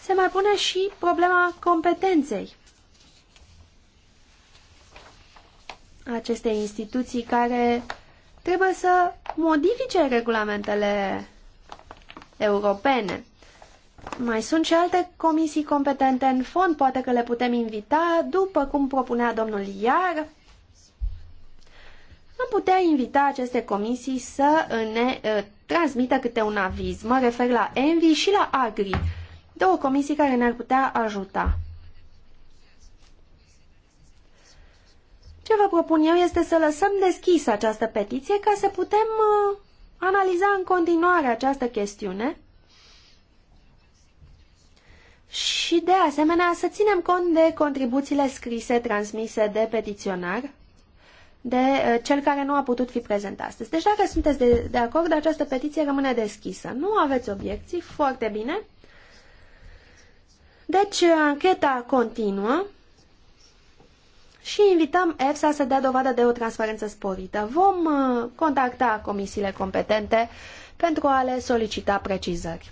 [SPEAKER 2] se mai pune și problema competenței. acestei instituții care trebuie să modifice regulamentele europene. Mai sunt și alte comisii competente în fond, poate că le putem invita, după cum propunea domnul Iar. Am putea invita aceste comisii să ne uh, transmită câte un aviz. Mă refer la Envi și la Agri, două comisii care ne-ar putea ajuta. Ce vă propun eu este să lăsăm deschisă această petiție ca să putem uh, analiza în continuare această chestiune și, de asemenea, să ținem cont de contribuțiile scrise transmise de petiționar, de uh, cel care nu a putut fi prezent astăzi. Deci, dacă sunteți de, de acord, această petiție rămâne deschisă. Nu aveți obiecții? Foarte bine. Deci, uh, ancheta continuă și invităm EFSA să dea dovadă de o transparență sporită. Vom uh, contacta comisiile competente pentru a le solicita precizări.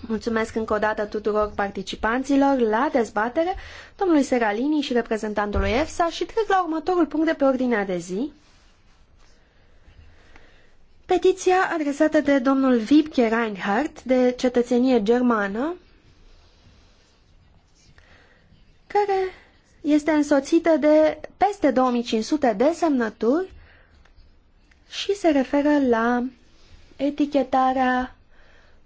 [SPEAKER 2] Mulțumesc încă o dată tuturor participanților la dezbatere, domnului Seralini și reprezentantului EFSA și trec la următorul punct de pe ordinea de zi. Petiția adresată de domnul Wiebke Reinhardt, de cetățenie germană, care este însoțită de peste 2500 de semnături și se referă la etichetarea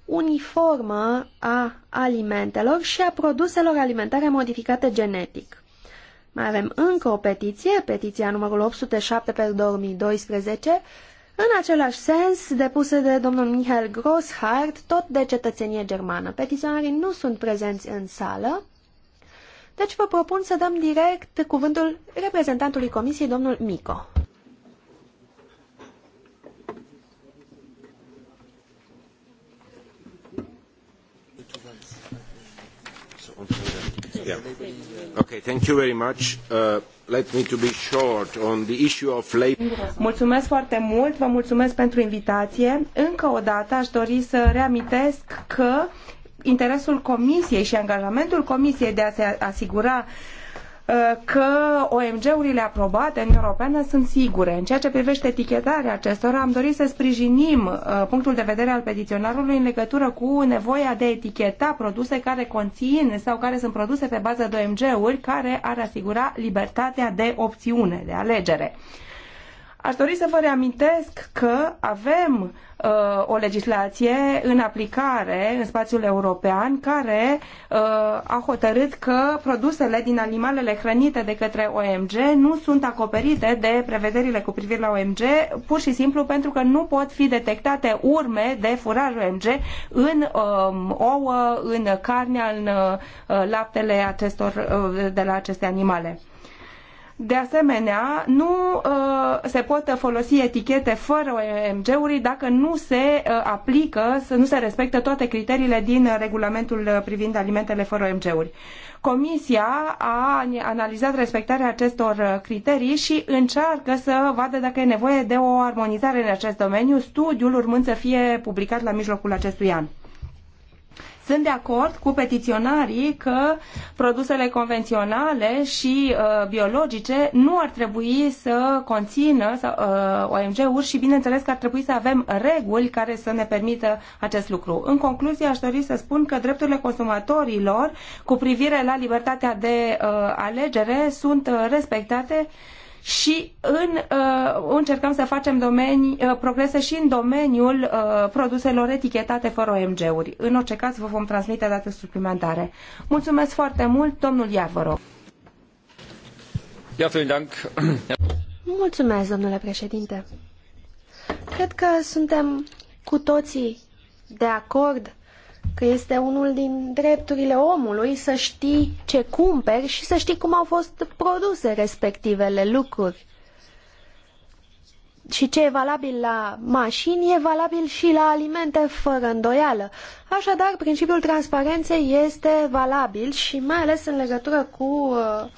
[SPEAKER 2] uniformă a alimentelor și a produselor alimentare modificate genetic. Mai avem încă o petiție, petiția numărul 807 pe 2012, în același sens depusă de domnul Michael Grosshardt, tot de cetățenie germană. Petiționarii nu sunt prezenți în sală, deci vă propun să dăm direct cuvântul reprezentantului Comisiei, domnul Mico.
[SPEAKER 1] Yeah. Okay, thank you very much. Uh, let me to be short on the issue of labor.
[SPEAKER 3] Mulțumesc foarte mult, vă mulțumesc pentru invitație. Încă o dată aș dori să reamintesc că interesul Comisiei și angajamentul Comisiei de a se asigura uh, că OMG-urile aprobate în Europeană sunt sigure. În ceea ce privește etichetarea acestora, am dorit să sprijinim uh, punctul de vedere al petiționarului în legătură cu nevoia de a eticheta produse care conțin sau care sunt produse pe bază de OMG-uri care ar asigura libertatea de opțiune, de alegere. Aș dori să vă reamintesc că avem uh, o legislație în aplicare în spațiul european care uh, a hotărât că produsele din animalele hrănite de către OMG nu sunt acoperite de prevederile cu privire la OMG pur și simplu pentru că nu pot fi detectate urme de furaj OMG în um, ouă, în carnea, în uh, laptele acestor, uh, de la aceste animale. De asemenea, nu uh, se pot folosi etichete fără OMG-uri dacă nu se uh, aplică, să nu se respectă toate criteriile din regulamentul uh, privind alimentele fără OMG-uri. Comisia a analizat respectarea acestor uh, criterii și încearcă să vadă dacă e nevoie de o armonizare în acest domeniu, studiul urmând să fie publicat la mijlocul acestui an. Sunt de acord cu petiționarii că produsele convenționale și uh, biologice nu ar trebui să conțină uh, OMG-uri și bineînțeles că ar trebui să avem reguli care să ne permită acest lucru. În concluzie, aș dori să spun că drepturile consumatorilor cu privire la libertatea de uh, alegere sunt uh, respectate și în, uh, încercăm să facem domenii, uh, progrese și în domeniul uh, produselor etichetate fără OMG-uri. În orice caz, vă vom transmite date suplimentare. Mulțumesc foarte mult, domnul Iar, vă rog.
[SPEAKER 2] Mulțumesc, domnule președinte. Cred că suntem cu toții de acord că este unul din drepturile omului să știi ce cumperi și să știi cum au fost produse respectivele lucruri. Și ce e valabil la mașini e valabil și la alimente fără îndoială. Așadar, principiul transparenței este valabil și mai ales în legătură cu uh,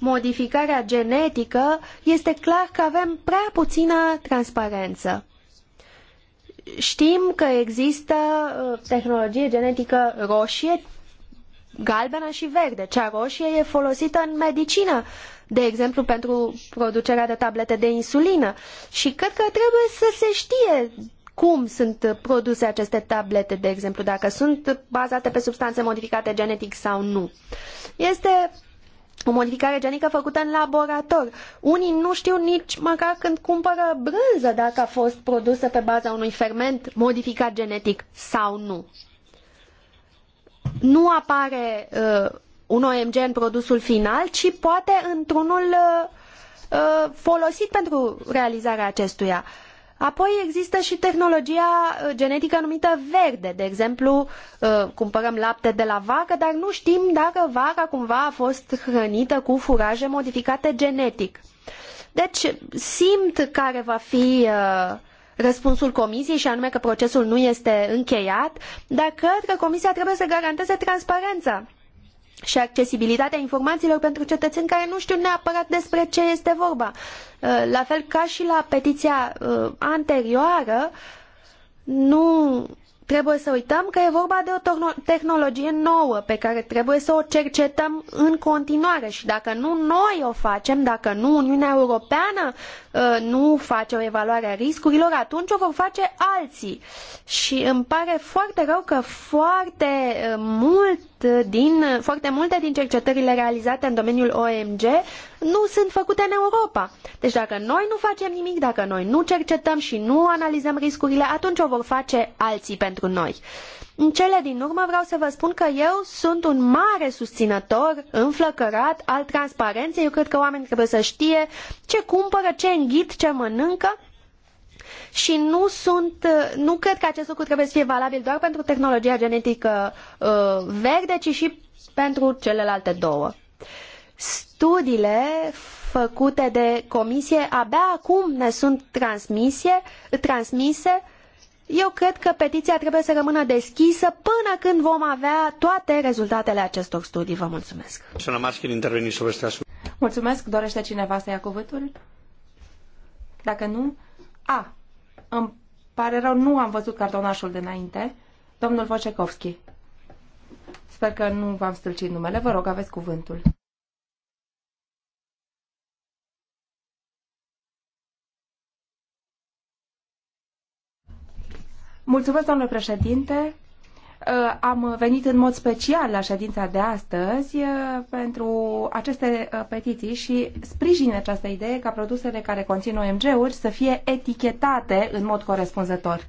[SPEAKER 2] modificarea genetică, este clar că avem prea puțină transparență. Știm că există uh, tehnologie genetică roșie, galbenă și verde. Cea roșie e folosită în medicină, de exemplu pentru producerea de tablete de insulină. Și cred că trebuie să se știe cum sunt produse aceste tablete, de exemplu, dacă sunt bazate pe substanțe modificate genetic sau nu. Este o modificare genică făcută în laborator. Unii nu știu nici măcar când cumpără brânză dacă a fost produsă pe baza unui ferment modificat genetic sau nu. Nu apare uh, un OMG în produsul final, ci poate într-unul uh, uh folosit pentru realizarea acestuia. Apoi există și tehnologia uh, genetică numită verde. De exemplu, uh, cumpărăm lapte de la vacă, dar nu știm dacă vaca cumva a fost hrănită cu furaje modificate genetic. Deci simt care va fi uh, răspunsul comisiei și anume că procesul nu este încheiat, dar cred că comisia trebuie să garanteze transparența și accesibilitatea informațiilor pentru cetățeni care nu știu neapărat despre ce este vorba. Uh, la fel ca și la petiția uh, anterioară, nu trebuie să uităm că e vorba de o tehnologie nouă pe care trebuie să o cercetăm în continuare și dacă nu noi o facem, dacă nu Uniunea Europeană uh, nu face o evaluare a riscurilor, atunci o vor face alții. Și îmi pare foarte rău că foarte mult din foarte multe din cercetările realizate în domeniul OMG nu sunt făcute în Europa. Deci dacă noi nu facem nimic, dacă noi nu cercetăm și nu analizăm riscurile, atunci o vor face alții pentru noi. În cele din urmă vreau să vă spun că eu sunt un mare susținător înflăcărat al transparenței. Eu cred că oamenii trebuie să știe ce cumpără, ce înghit, ce mănâncă și nu sunt, nu cred că acest lucru trebuie să fie valabil doar pentru tehnologia genetică uh, verde, ci și pentru celelalte două. Studiile făcute de comisie abia acum ne sunt transmise, transmise eu cred că petiția trebuie să rămână deschisă până când vom avea toate rezultatele acestor studii. Vă mulțumesc.
[SPEAKER 3] Mulțumesc. Dorește cineva să ia cuvântul? Dacă nu... A, îmi pare rău, nu am văzut cartonașul de înainte. Domnul Vocekovski. Sper că nu v-am stâlcit numele. Vă rog, aveți cuvântul. Mulțumesc, domnule președinte. Uh, am venit în mod special la ședința de astăzi uh, pentru aceste uh, petiții și sprijin această idee ca produsele care conțin OMG-uri să fie etichetate în mod corespunzător.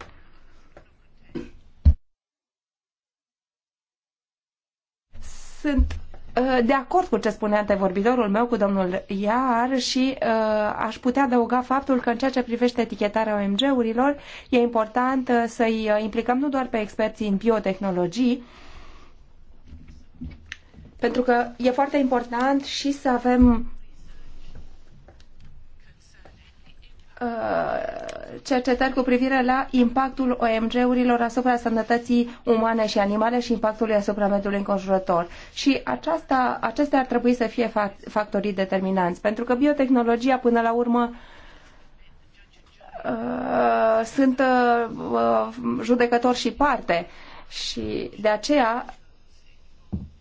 [SPEAKER 3] Sunt Uh, de acord cu ce spunea antevorbitorul meu, cu domnul Iar, și uh, aș putea adăuga faptul că în ceea ce privește etichetarea OMG-urilor, e important uh, să-i uh, implicăm nu doar pe experții în biotehnologii, pentru că e foarte important și să avem Uh, cercetări cu privire la impactul OMG-urilor asupra sănătății umane și animale și impactului asupra mediului înconjurător. Și aceasta, acestea ar trebui să fie factorii determinanți, pentru că biotehnologia, până la urmă, uh, sunt uh, judecători și parte și de aceea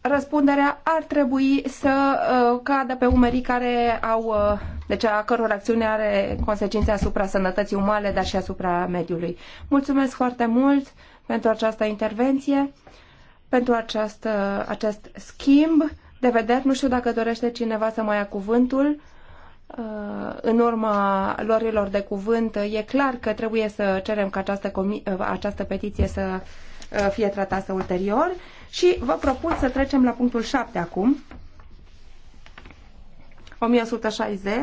[SPEAKER 3] răspunderea ar trebui să uh, cadă pe umerii care au, uh, deci a căror acțiune are consecințe asupra sănătății umane, dar și asupra mediului. Mulțumesc foarte mult pentru această intervenție, pentru acest, acest schimb de vedere. Nu știu dacă dorește cineva să mai ia cuvântul. Uh, în urma lorilor de cuvânt, e clar că trebuie să cerem ca această, această petiție să fie tratată ulterior. Și vă propun să trecem la punctul 7 acum. 1160.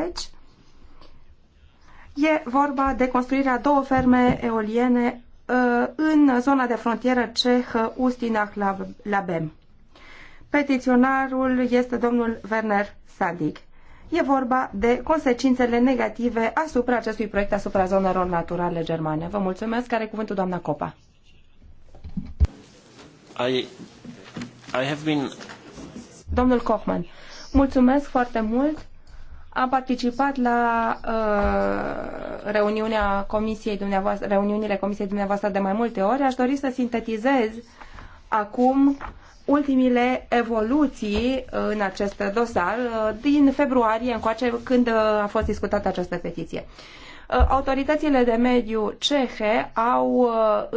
[SPEAKER 3] E vorba de construirea două ferme eoliene uh, în zona de frontieră cehă Ustinach-Labem. Petiționarul este domnul Werner Sadig. E vorba de consecințele negative asupra acestui proiect asupra zonelor naturale germane. Vă mulțumesc. Care cuvântul doamna Copa? Domnul Kochman, mulțumesc foarte mult. Am participat la uh, reuniunea comisiei dumneavoastră, reuniunile comisiei dumneavoastră de mai multe ori. Aș dori să sintetizez acum ultimile evoluții uh, în acest dosar uh, din februarie încoace când uh, a fost discutată această petiție. Autoritățile de mediu cehe au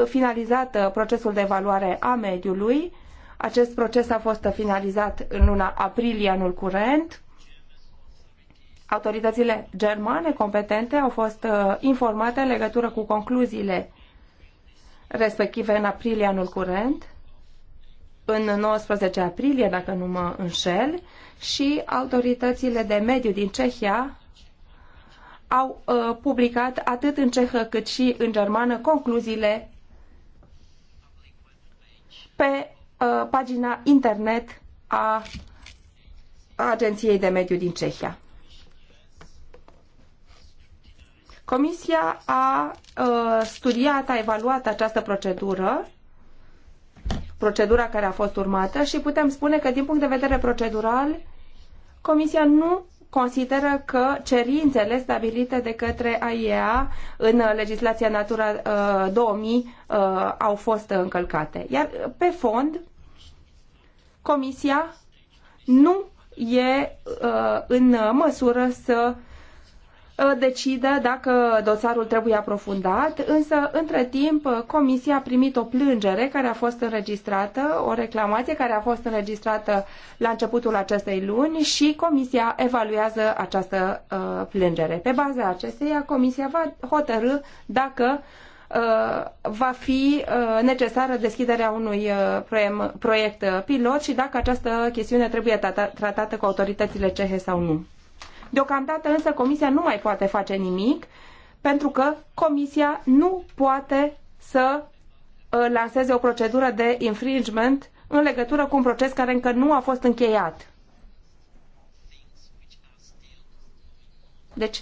[SPEAKER 3] finalizat procesul de evaluare a mediului acest proces a fost finalizat în luna aprilie anul curent. Autoritățile germane competente au fost uh, informate în legătură cu concluziile respective în aprilie anul curent, în 19 aprilie, dacă nu mă înșel, și autoritățile de mediu din Cehia au uh, publicat atât în cehă cât și în germană concluziile pe Uh, pagina internet a Agenției de Mediu din Cehia. Comisia a uh, studiat, a evaluat această procedură, procedura care a fost urmată și putem spune că din punct de vedere procedural, Comisia nu consideră că cerințele stabilite de către AIEA în legislația Natura 2000 uh, uh, au fost încălcate. Iar uh, pe fond, Comisia nu e în măsură să Uh, decide dacă dosarul trebuie aprofundat, însă între timp uh, comisia a primit o plângere care a fost înregistrată, o reclamație care a fost înregistrată la începutul acestei luni și comisia evaluează această uh, plângere. Pe baza acesteia, comisia va hotărâ dacă uh, va fi necesară deschiderea unui proiect pilot și dacă această chestiune trebuie tratată cu autoritățile cehe sau nu. Deocamdată însă Comisia nu mai poate face nimic pentru că Comisia nu poate să uh, lanseze o procedură de infringement în legătură cu un proces care încă nu a fost încheiat. Deci,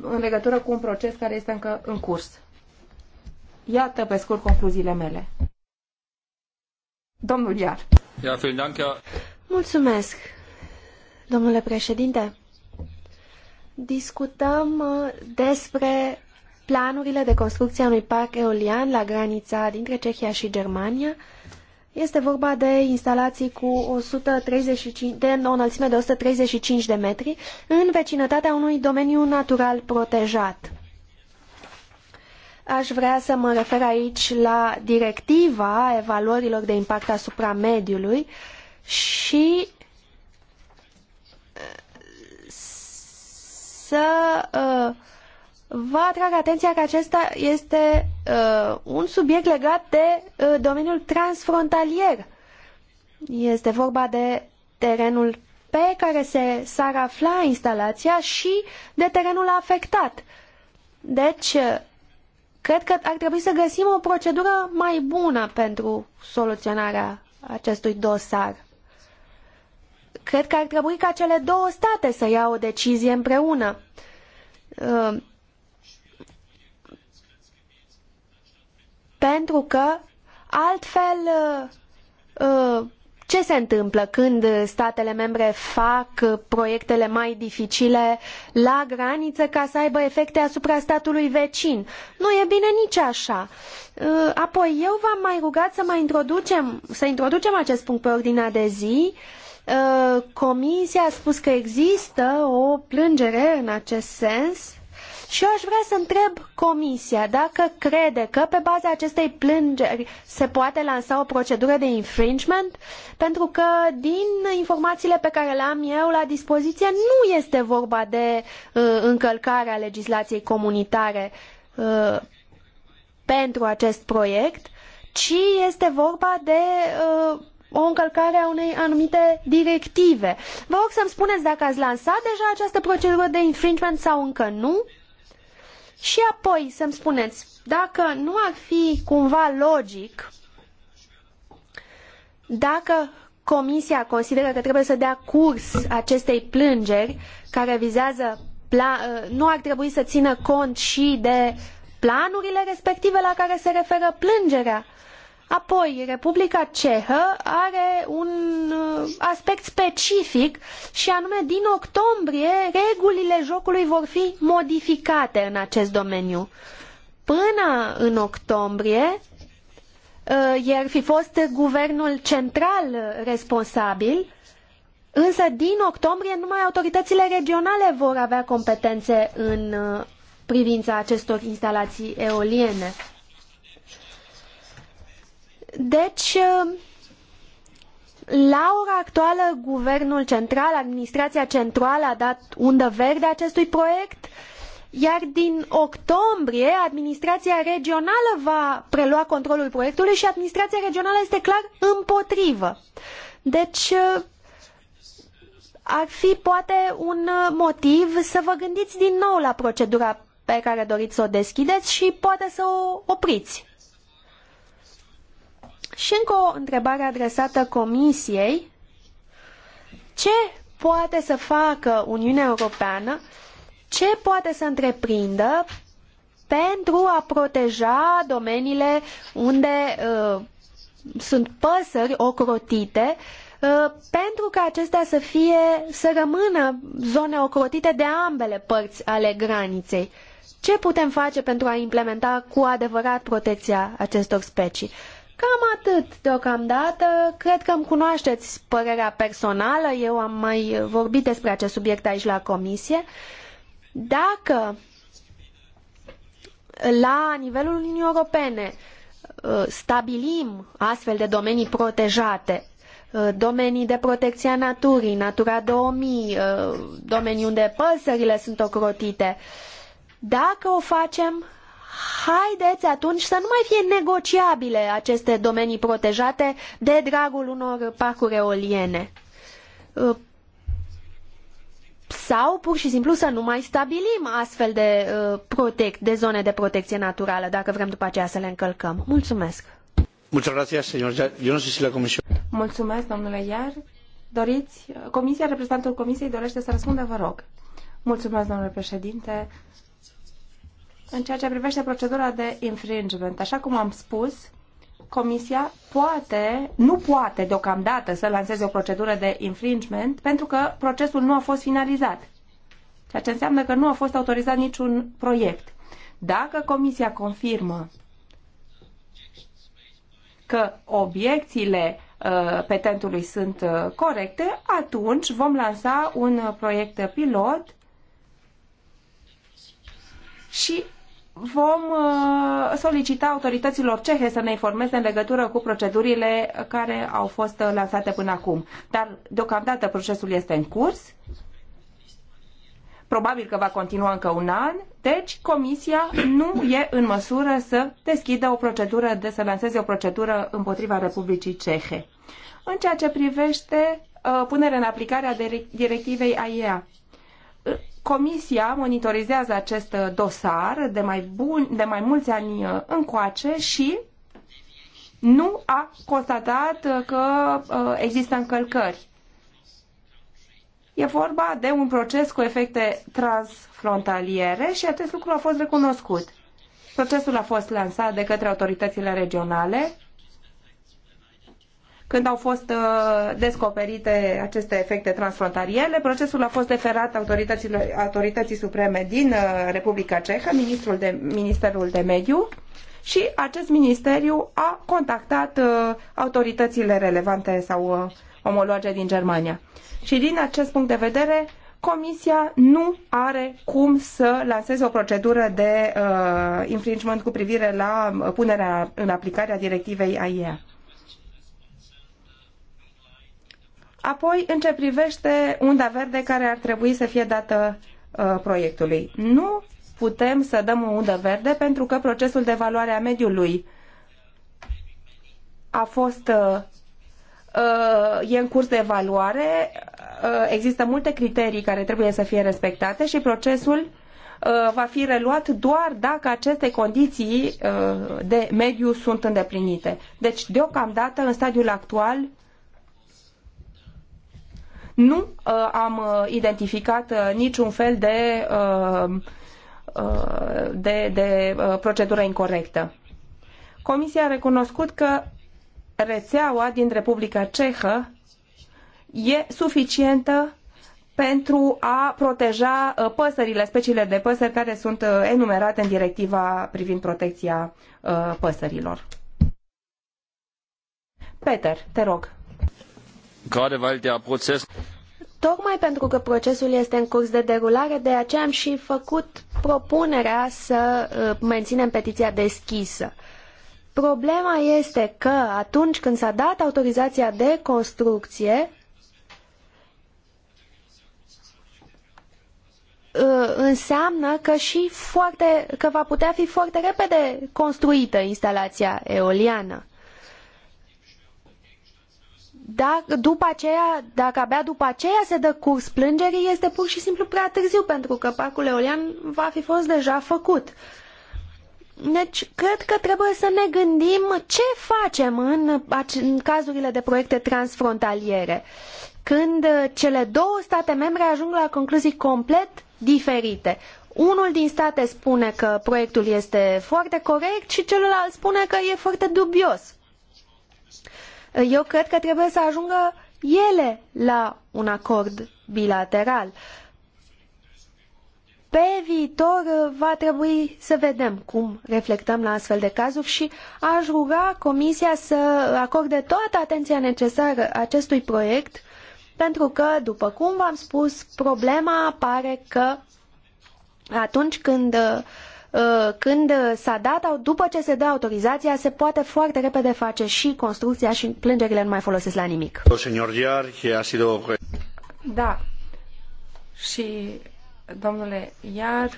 [SPEAKER 3] în legătură cu un proces care este încă în curs. Iată, pe scurt, concluziile mele.
[SPEAKER 2] Domnul Iar. Mulțumesc, domnule președinte. Discutăm uh, despre planurile de construcție a unui parc eolian la granița dintre Cehia și Germania. Este vorba de instalații cu 135, de o înălțime de 135 de metri în vecinătatea unui domeniu natural protejat. Aș vrea să mă refer aici la directiva evaluărilor de impact asupra mediului și să uh, vă atrag atenția că acesta este uh, un subiect legat de uh, domeniul transfrontalier. Este vorba de terenul pe care se s-ar afla instalația și de terenul afectat. Deci, cred că ar trebui să găsim o procedură mai bună pentru soluționarea acestui dosar. Cred că ar trebui ca cele două state să ia o decizie împreună. Uh, pentru că altfel uh, uh, ce se întâmplă când statele membre fac proiectele mai dificile la graniță ca să aibă efecte asupra statului vecin? Nu e bine nici așa. Apoi, eu v-am mai rugat să mai introducem, să introducem acest punct pe ordinea de zi uh, Uh, comisia a spus că există o plângere în acest sens și eu aș vrea să întreb Comisia dacă crede că pe baza acestei plângeri se poate lansa o procedură de infringement, pentru că din informațiile pe care le am eu la dispoziție nu este vorba de uh, încălcarea legislației comunitare uh, pentru acest proiect, ci este vorba de uh, o încălcare a unei anumite directive. Vă rog să-mi spuneți dacă ați lansat deja această procedură de infringement sau încă nu. Și apoi să-mi spuneți dacă nu ar fi cumva logic dacă Comisia consideră că trebuie să dea curs acestei plângeri care vizează ă, nu ar trebui să țină cont și de planurile respective la care se referă plângerea Apoi, Republica Cehă are un uh, aspect specific și anume din octombrie regulile jocului vor fi modificate în acest domeniu. Până în octombrie, uh, ieri ar fi fost guvernul central responsabil, însă din octombrie numai autoritățile regionale vor avea competențe în uh, privința acestor instalații eoliene. Deci, uh, la ora actuală, guvernul central, administrația centrală a dat undă verde acestui proiect, iar din octombrie administrația regională va prelua controlul proiectului și administrația regională este clar împotrivă. Deci, uh, ar fi poate un uh, motiv să vă gândiți din nou la procedura pe care doriți să o deschideți și poate să o opriți. Și încă o întrebare adresată Comisiei. Ce poate să facă Uniunea Europeană, ce poate să întreprindă pentru a proteja domeniile unde uh, sunt păsări ocrotite, uh, pentru ca acestea să fie, să rămână zone ocrotite de ambele părți ale graniței. Ce putem face pentru a implementa cu adevărat protecția acestor specii? Cam atât deocamdată. Cred că îmi cunoașteți părerea personală. Eu am mai vorbit despre acest subiect aici la comisie. Dacă la nivelul Uniunii Europene uh, stabilim astfel de domenii protejate, uh, domenii de protecție a naturii, Natura 2000, uh, domenii unde păsările sunt ocrotite, dacă o facem haideți atunci să nu mai fie negociabile aceste domenii protejate de dragul unor parcuri eoliene. Uh, sau pur și simplu să nu mai stabilim astfel de, uh, protect, de zone de protecție naturală, dacă vrem după aceea să le încălcăm. Mulțumesc!
[SPEAKER 3] Mulțumesc, domnule Iar. Doriți? Uh, comisia, reprezentantul Comisiei dorește să răspundă, vă rog. Mulțumesc, domnule președinte. În ceea ce privește procedura de infringement, așa cum am spus, Comisia poate, nu poate deocamdată să lanseze o procedură de infringement pentru că procesul nu a fost finalizat. Ceea ce înseamnă că nu a fost autorizat niciun proiect. Dacă Comisia confirmă că obiecțiile uh, petentului sunt uh, corecte, atunci vom lansa un proiect pilot și vom uh, solicita autorităților cehe să ne informeze în legătură cu procedurile care au fost uh, lansate până acum. Dar, deocamdată, procesul este în curs. Probabil că va continua încă un an, deci Comisia nu e în măsură să deschidă o procedură, de să lanseze o procedură împotriva Republicii Cehe. În ceea ce privește uh, punerea în aplicare a directivei AIEA, Comisia monitorizează acest dosar de mai, bun, de mai mulți ani uh, încoace și nu a constatat uh, că uh, există încălcări. E vorba de un proces cu efecte transfrontaliere și acest lucru a fost recunoscut. Procesul a fost lansat de către autoritățile regionale când au fost uh, descoperite aceste efecte transfrontaliere. Procesul a fost deferat autorității supreme din uh, Republica Cehă, ministrul de, Ministerul de Mediu și acest ministeriu a contactat uh, autoritățile relevante sau omologe din Germania. Și din acest punct de vedere, Comisia nu are cum să lanseze o procedură de uh, infringement cu privire la punerea în aplicare a directivei AIEA. Apoi, în ce privește unda verde care ar trebui să fie dată uh, proiectului. Nu putem să dăm o undă verde pentru că procesul de evaluare a mediului a fost uh, uh, e în curs de evaluare, uh, există multe criterii care trebuie să fie respectate și procesul uh, va fi reluat doar dacă aceste condiții uh, de mediu sunt îndeplinite. Deci, deocamdată, în stadiul actual, nu uh, am uh, identificat uh, niciun fel de, uh, uh, de, de uh, procedură incorrectă. Comisia a recunoscut că rețeaua din Republica Cehă e suficientă pentru a proteja uh, păsările, speciile de păsări care sunt uh, enumerate în directiva privind protecția păsărilor. Peter,
[SPEAKER 2] te rog. Tocmai pentru că procesul este în curs de derulare, de aceea am și făcut propunerea să uh, menținem petiția deschisă. Problema este că atunci când s-a dat autorizația de construcție, uh, înseamnă că, și foarte, că va putea fi foarte repede construită instalația eoliană dacă, după aceea, dacă abia după aceea se dă curs plângerii, este pur și simplu prea târziu, pentru că parcul eolian va fi fost deja făcut. Deci, cred că trebuie să ne gândim ce facem în, în cazurile de proiecte transfrontaliere, când cele două state membre ajung la concluzii complet diferite. Unul din state spune că proiectul este foarte corect și celălalt spune că e foarte dubios. Eu cred că trebuie să ajungă ele la un acord bilateral. Pe viitor uh, va trebui să vedem cum reflectăm la astfel de cazuri și aș ruga Comisia să acorde toată atenția necesară acestui proiect, pentru că, după cum v-am spus, problema apare că atunci când uh, Uh, când s-a dat, după ce se dă autorizația, se poate foarte repede face și construcția și plângerile nu mai folosesc la nimic. Da. Și, domnule Iar,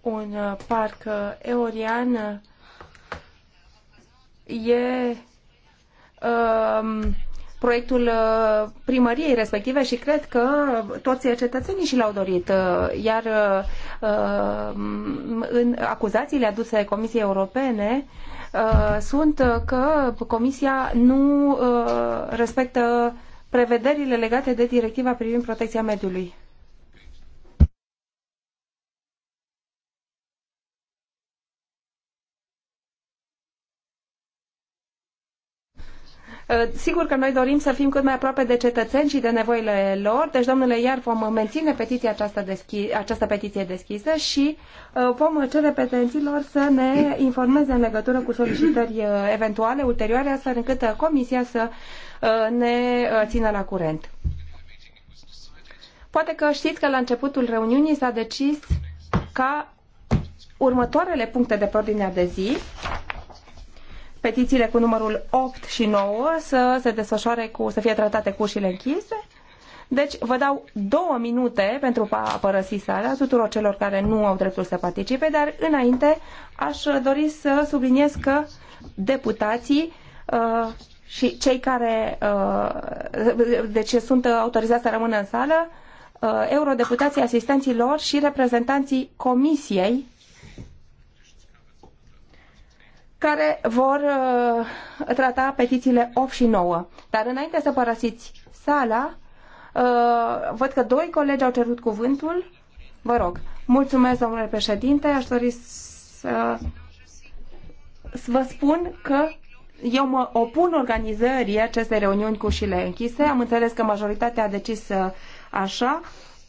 [SPEAKER 3] un parc eolian e um, proiectul uh, primăriei respective și cred că toți cetățenii și l-au dorit. Uh, iar uh, în acuzațiile aduse Comisiei Europene sunt că Comisia nu respectă prevederile legate de directiva privind protecția mediului. Uh, sigur că noi dorim să fim cât mai aproape de cetățeni și de nevoile lor, deci, domnule Iar, vom menține petiția aceasta, deschi, această petiție deschisă și uh, vom cere petenților să ne informeze în legătură cu solicitări uh, eventuale, ulterioare, astfel încât Comisia să ne țină la curent. Poate că știți că la începutul reuniunii s-a decis ca următoarele puncte de pe ordinea de zi petițiile cu numărul 8 și 9 să se desfășoare cu, să fie tratate cu ușile închise. Deci vă dau două minute pentru a părăsi sala tuturor celor care nu au dreptul să participe, dar înainte aș dori să subliniez că deputații uh, și cei care uh, deci sunt autorizați să rămână în sală, uh, eurodeputații, asistenții lor și reprezentanții comisiei care vor uh, trata petițiile 8 și 9. Dar înainte să părăsiți sala, uh, văd că doi colegi au cerut cuvântul. Vă rog, mulțumesc, domnule președinte, aș dori să, să vă spun că eu mă opun organizării acestei reuniuni cu ușile închise. Am înțeles că majoritatea a decis uh, așa.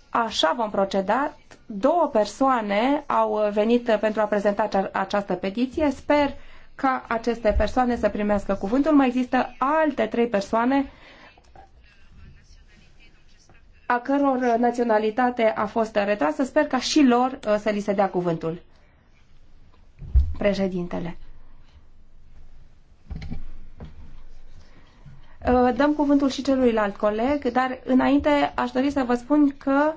[SPEAKER 3] Așa vom proceda. Două persoane au venit uh, pentru a prezenta această petiție. Sper ca aceste persoane să primească cuvântul. Mai există alte trei persoane a căror naționalitate a fost retrasă. Sper ca și lor uh, să li se dea cuvântul. Președintele. Uh, dăm cuvântul și celuilalt coleg, dar înainte aș dori să vă spun că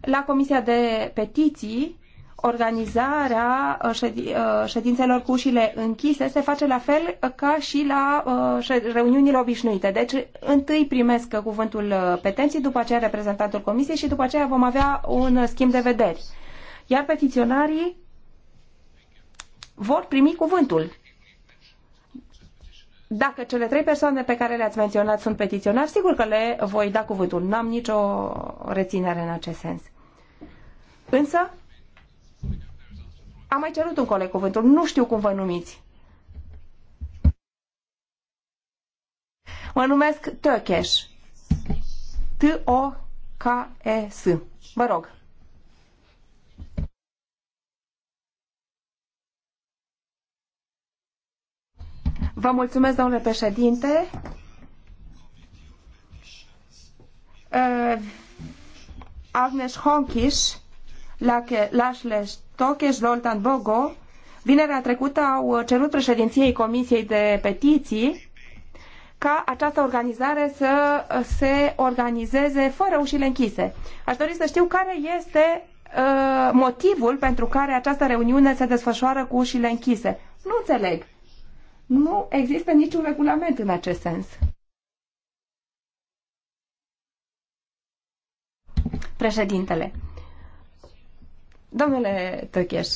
[SPEAKER 3] la Comisia de Petiții organizarea uh, uh, ședințelor cu ușile închise se face la fel ca și la uh, reuniunile obișnuite. Deci întâi primesc cuvântul petenții, după aceea reprezentantul comisiei și după aceea vom avea un schimb de vederi. Iar petiționarii vor primi cuvântul. Dacă cele trei persoane pe care le-ați menționat sunt petiționari, sigur că le voi da cuvântul. N-am nicio reținere în acest sens. Însă, am mai cerut un coleg cuvântul, nu știu cum vă numiți. Mă numesc Tökeș. T-O-K-E-S. Vă rog. Vă mulțumesc, domnule președinte. Uh, Agnes Honkis, Lachleș Toche, Zoltan Bogo, vinerea trecută au cerut președinției Comisiei de Petiții ca această organizare să se organizeze fără ușile închise. Aș dori să știu care este uh, motivul pentru care această reuniune se desfășoară cu ușile închise. Nu înțeleg. Nu există niciun regulament în acest sens. Președintele. Domnule Tăcheș,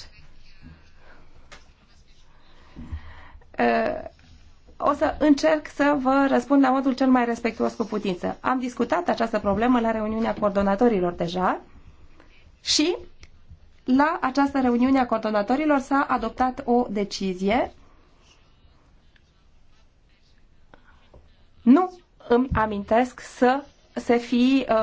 [SPEAKER 3] o să încerc să vă răspund la modul cel mai respectuos cu putință. Am discutat această problemă la reuniunea coordonatorilor deja și la această reuniune a coordonatorilor s-a adoptat o decizie. Nu îmi amintesc să să fi uh,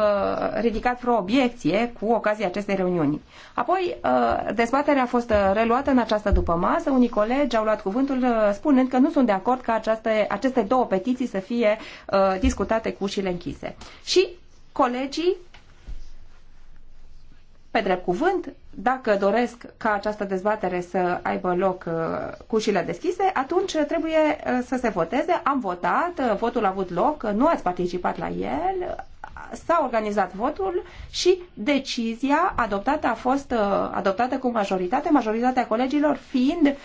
[SPEAKER 3] ridicat vreo obiecție cu ocazia acestei reuniuni. Apoi, uh, dezbaterea a fost uh, reluată în această dupămasă. Unii colegi au luat cuvântul uh, spunând că nu sunt de acord ca aceste, aceste două petiții să fie uh, discutate cu ușile închise. Și colegii pe drept cuvânt, dacă doresc ca această dezbatere să aibă loc uh, cu ușile deschise, atunci trebuie uh, să se voteze. Am votat, uh, votul a avut loc, nu ați participat la el, s-a organizat votul și decizia adoptată a fost adoptată cu majoritate, majoritatea colegilor fiind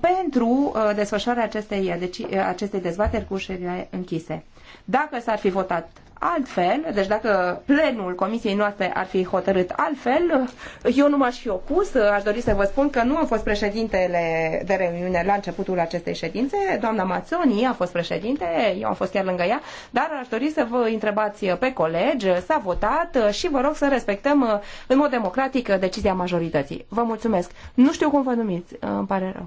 [SPEAKER 3] pentru desfășurarea acestei, deci, acestei dezbateri cu ușile închise. Dacă s-ar fi votat altfel, deci dacă plenul comisiei noastre ar fi hotărât altfel, eu nu m-aș fi opus, aș dori să vă spun că nu am fost președintele de reuniune la începutul acestei ședințe, doamna Mațoni a fost președinte, eu am fost chiar lângă ea, dar aș dori să vă întrebați pe colegi, s-a votat și vă rog să respectăm în mod democratic decizia majorității. Vă mulțumesc. Nu știu cum vă numiți, îmi pare rău.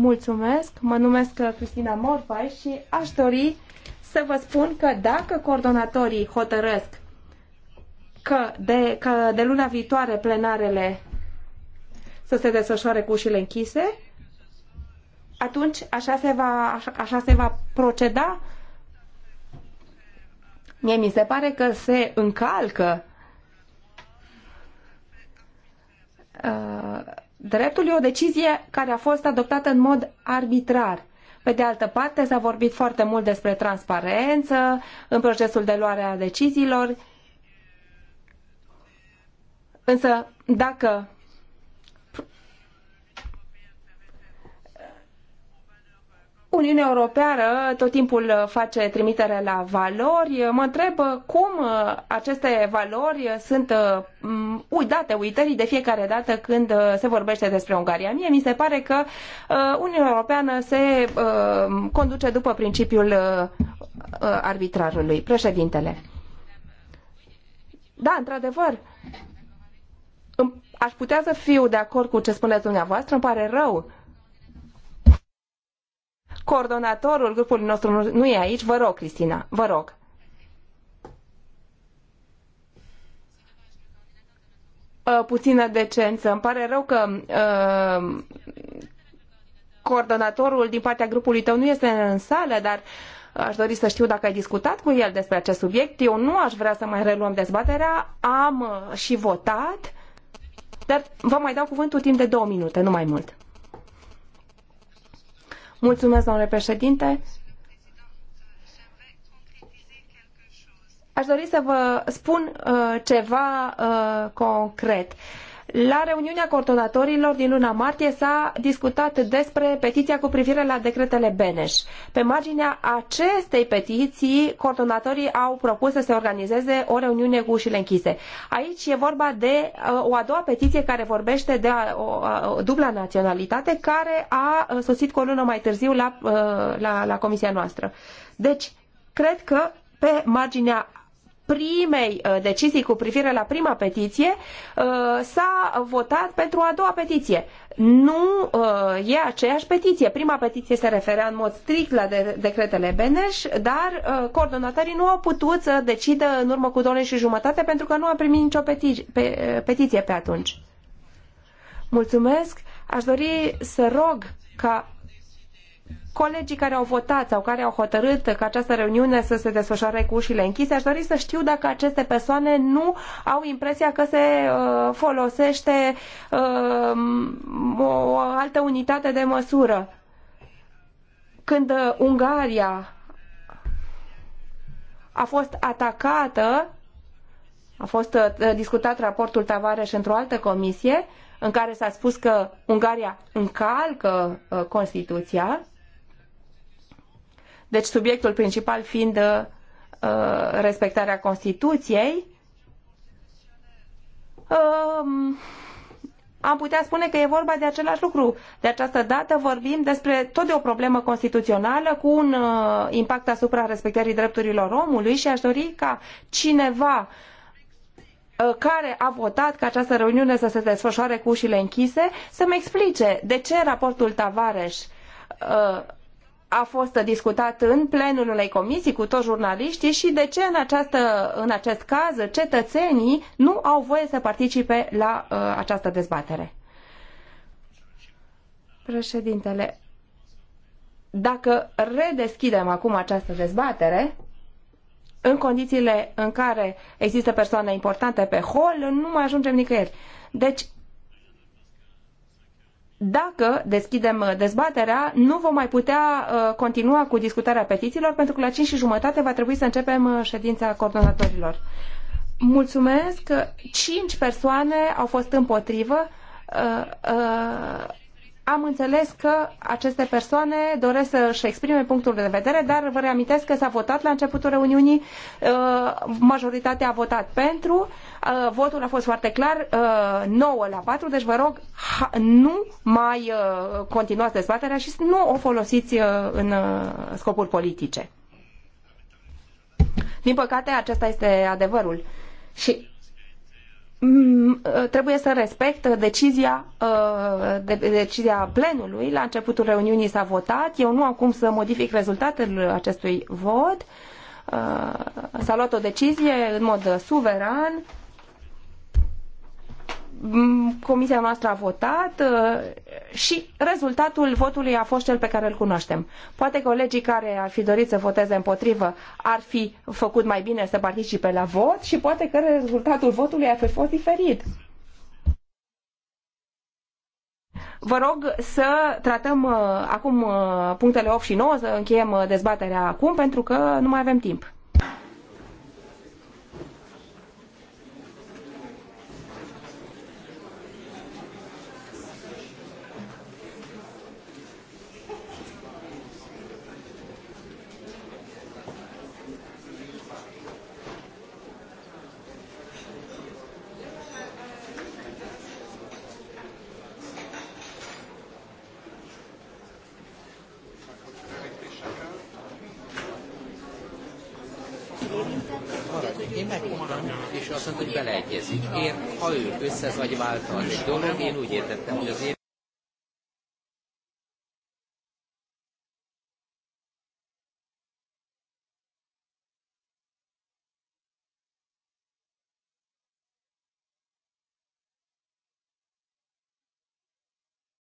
[SPEAKER 3] Mulțumesc, mă numesc Cristina Morfai și aș dori să vă spun că dacă coordonatorii hotărăsc că de, că de luna viitoare plenarele să se desfășoare cu ușile închise, atunci așa se va, așa, așa se va proceda. Mie mi se pare că se încalcă uh, dreptul e o decizie care a fost adoptată în mod arbitrar. Pe de altă parte, s-a vorbit foarte mult despre transparență în procesul de luare a deciziilor. Însă, dacă Uniunea Europeană tot timpul uh, face trimitere la valori. Uh, mă întreb uh, cum aceste valori sunt uitate, uitării de fiecare dată când se vorbește despre Ungaria. Mie mi se pare că Uniunea Europeană se conduce după principiul arbitrarului. Președintele. Da, într-adevăr, aș putea să fiu de acord cu ce spuneți dumneavoastră, îmi pare rău Coordonatorul grupului nostru nu e aici. Vă rog, Cristina, vă rog. Uh, puțină decență. Îmi pare rău că uh, coordonatorul din partea grupului tău nu este în sală, dar aș dori să știu dacă ai discutat cu el despre acest subiect. Eu nu aș vrea să mai reluăm dezbaterea. Am uh, și votat, dar vă mai dau cuvântul timp de două minute, nu mai mult. Mulțumesc, domnule președinte. Aș dori să vă spun uh, ceva uh, concret. Uh, la reuniunea coordonatorilor din luna martie s-a discutat despre petiția cu privire la decretele Beneș. Pe marginea acestei petiții, coordonatorii au propus să se organizeze o reuniune cu ușile închise. Aici e vorba de uh, o a doua petiție care vorbește de uh, o, o uh, dubla naționalitate care a sosit cu o lună mai târziu la, la, la comisia noastră. Deci, cred că pe marginea primei uh, decizii cu privire la prima petiție uh, s-a votat pentru a doua petiție. Nu uh, e aceeași petiție. Prima petiție se referea în mod strict la decretele Beneș, dar coordonatorii nu au putut să decidă în urmă cu două și jumătate pentru că nu am primit nicio petiție pe atunci. Mulțumesc. Aș dori să rog ca colegii care au votat sau care au hotărât că această reuniune să se desfășoare cu ușile închise, aș dori să știu dacă aceste persoane nu au impresia că se uh, folosește uh, o altă unitate de măsură. Când uh, Ungaria a fost atacată, a fost uh, discutat raportul Tavares într-o altă comisie, în care s-a spus că Ungaria încalcă uh, Constituția, deci subiectul principal fiind uh, uh, respectarea Constituției, um, am putea spune că e vorba de același lucru. De această dată vorbim despre tot de o problemă constituțională cu un uh, impact asupra respectării drepturilor omului și aș dori ca cineva care a votat ca această reuniune să se desfășoare cu ușile închise, să-mi explice de ce raportul Tavares a fost discutat în plenul unei comisii cu toți jurnaliștii și de ce în, această, în acest caz cetățenii nu au voie să participe la uh, această dezbatere. Președintele, dacă redeschidem acum această dezbatere, în condițiile în care există persoane importante pe hol, nu mai ajungem nicăieri. Deci, dacă deschidem uh, dezbaterea, nu vom mai putea uh, continua cu discutarea petițiilor, pentru că la 5 și jumătate va trebui să începem uh, ședința coordonatorilor. Mulțumesc. Cinci persoane au fost împotrivă. Am înțeles că aceste persoane doresc să-și exprime punctul de vedere, dar vă reamintesc că s-a votat la începutul reuniunii, majoritatea a votat pentru, Uh, votul a fost foarte clar, 9 uh, la 4, deci vă rog, nu mai uh, continuați dezbaterea și nu o folosiți în scopuri politice. Din păcate, acesta este adevărul. Și mm, trebuie să respect decizia, decizia plenului. La începutul reuniunii s-a votat. Eu nu am cum să modific rezultatul acestui vot. S-a luat o decizie în mod suveran comisia noastră a votat uh, și rezultatul votului a fost cel pe care îl cunoaștem. Poate colegii care ar fi dorit să voteze împotrivă ar fi făcut mai bine să participe la vot și poate că rezultatul votului ar fi fost diferit. Vă rog să tratăm uh, acum uh, punctele 8 și 9, să încheiem dezbaterea acum pentru că nu mai avem timp.
[SPEAKER 1] ez vagy váltani. Dolog, én úgy értettem, hogy az én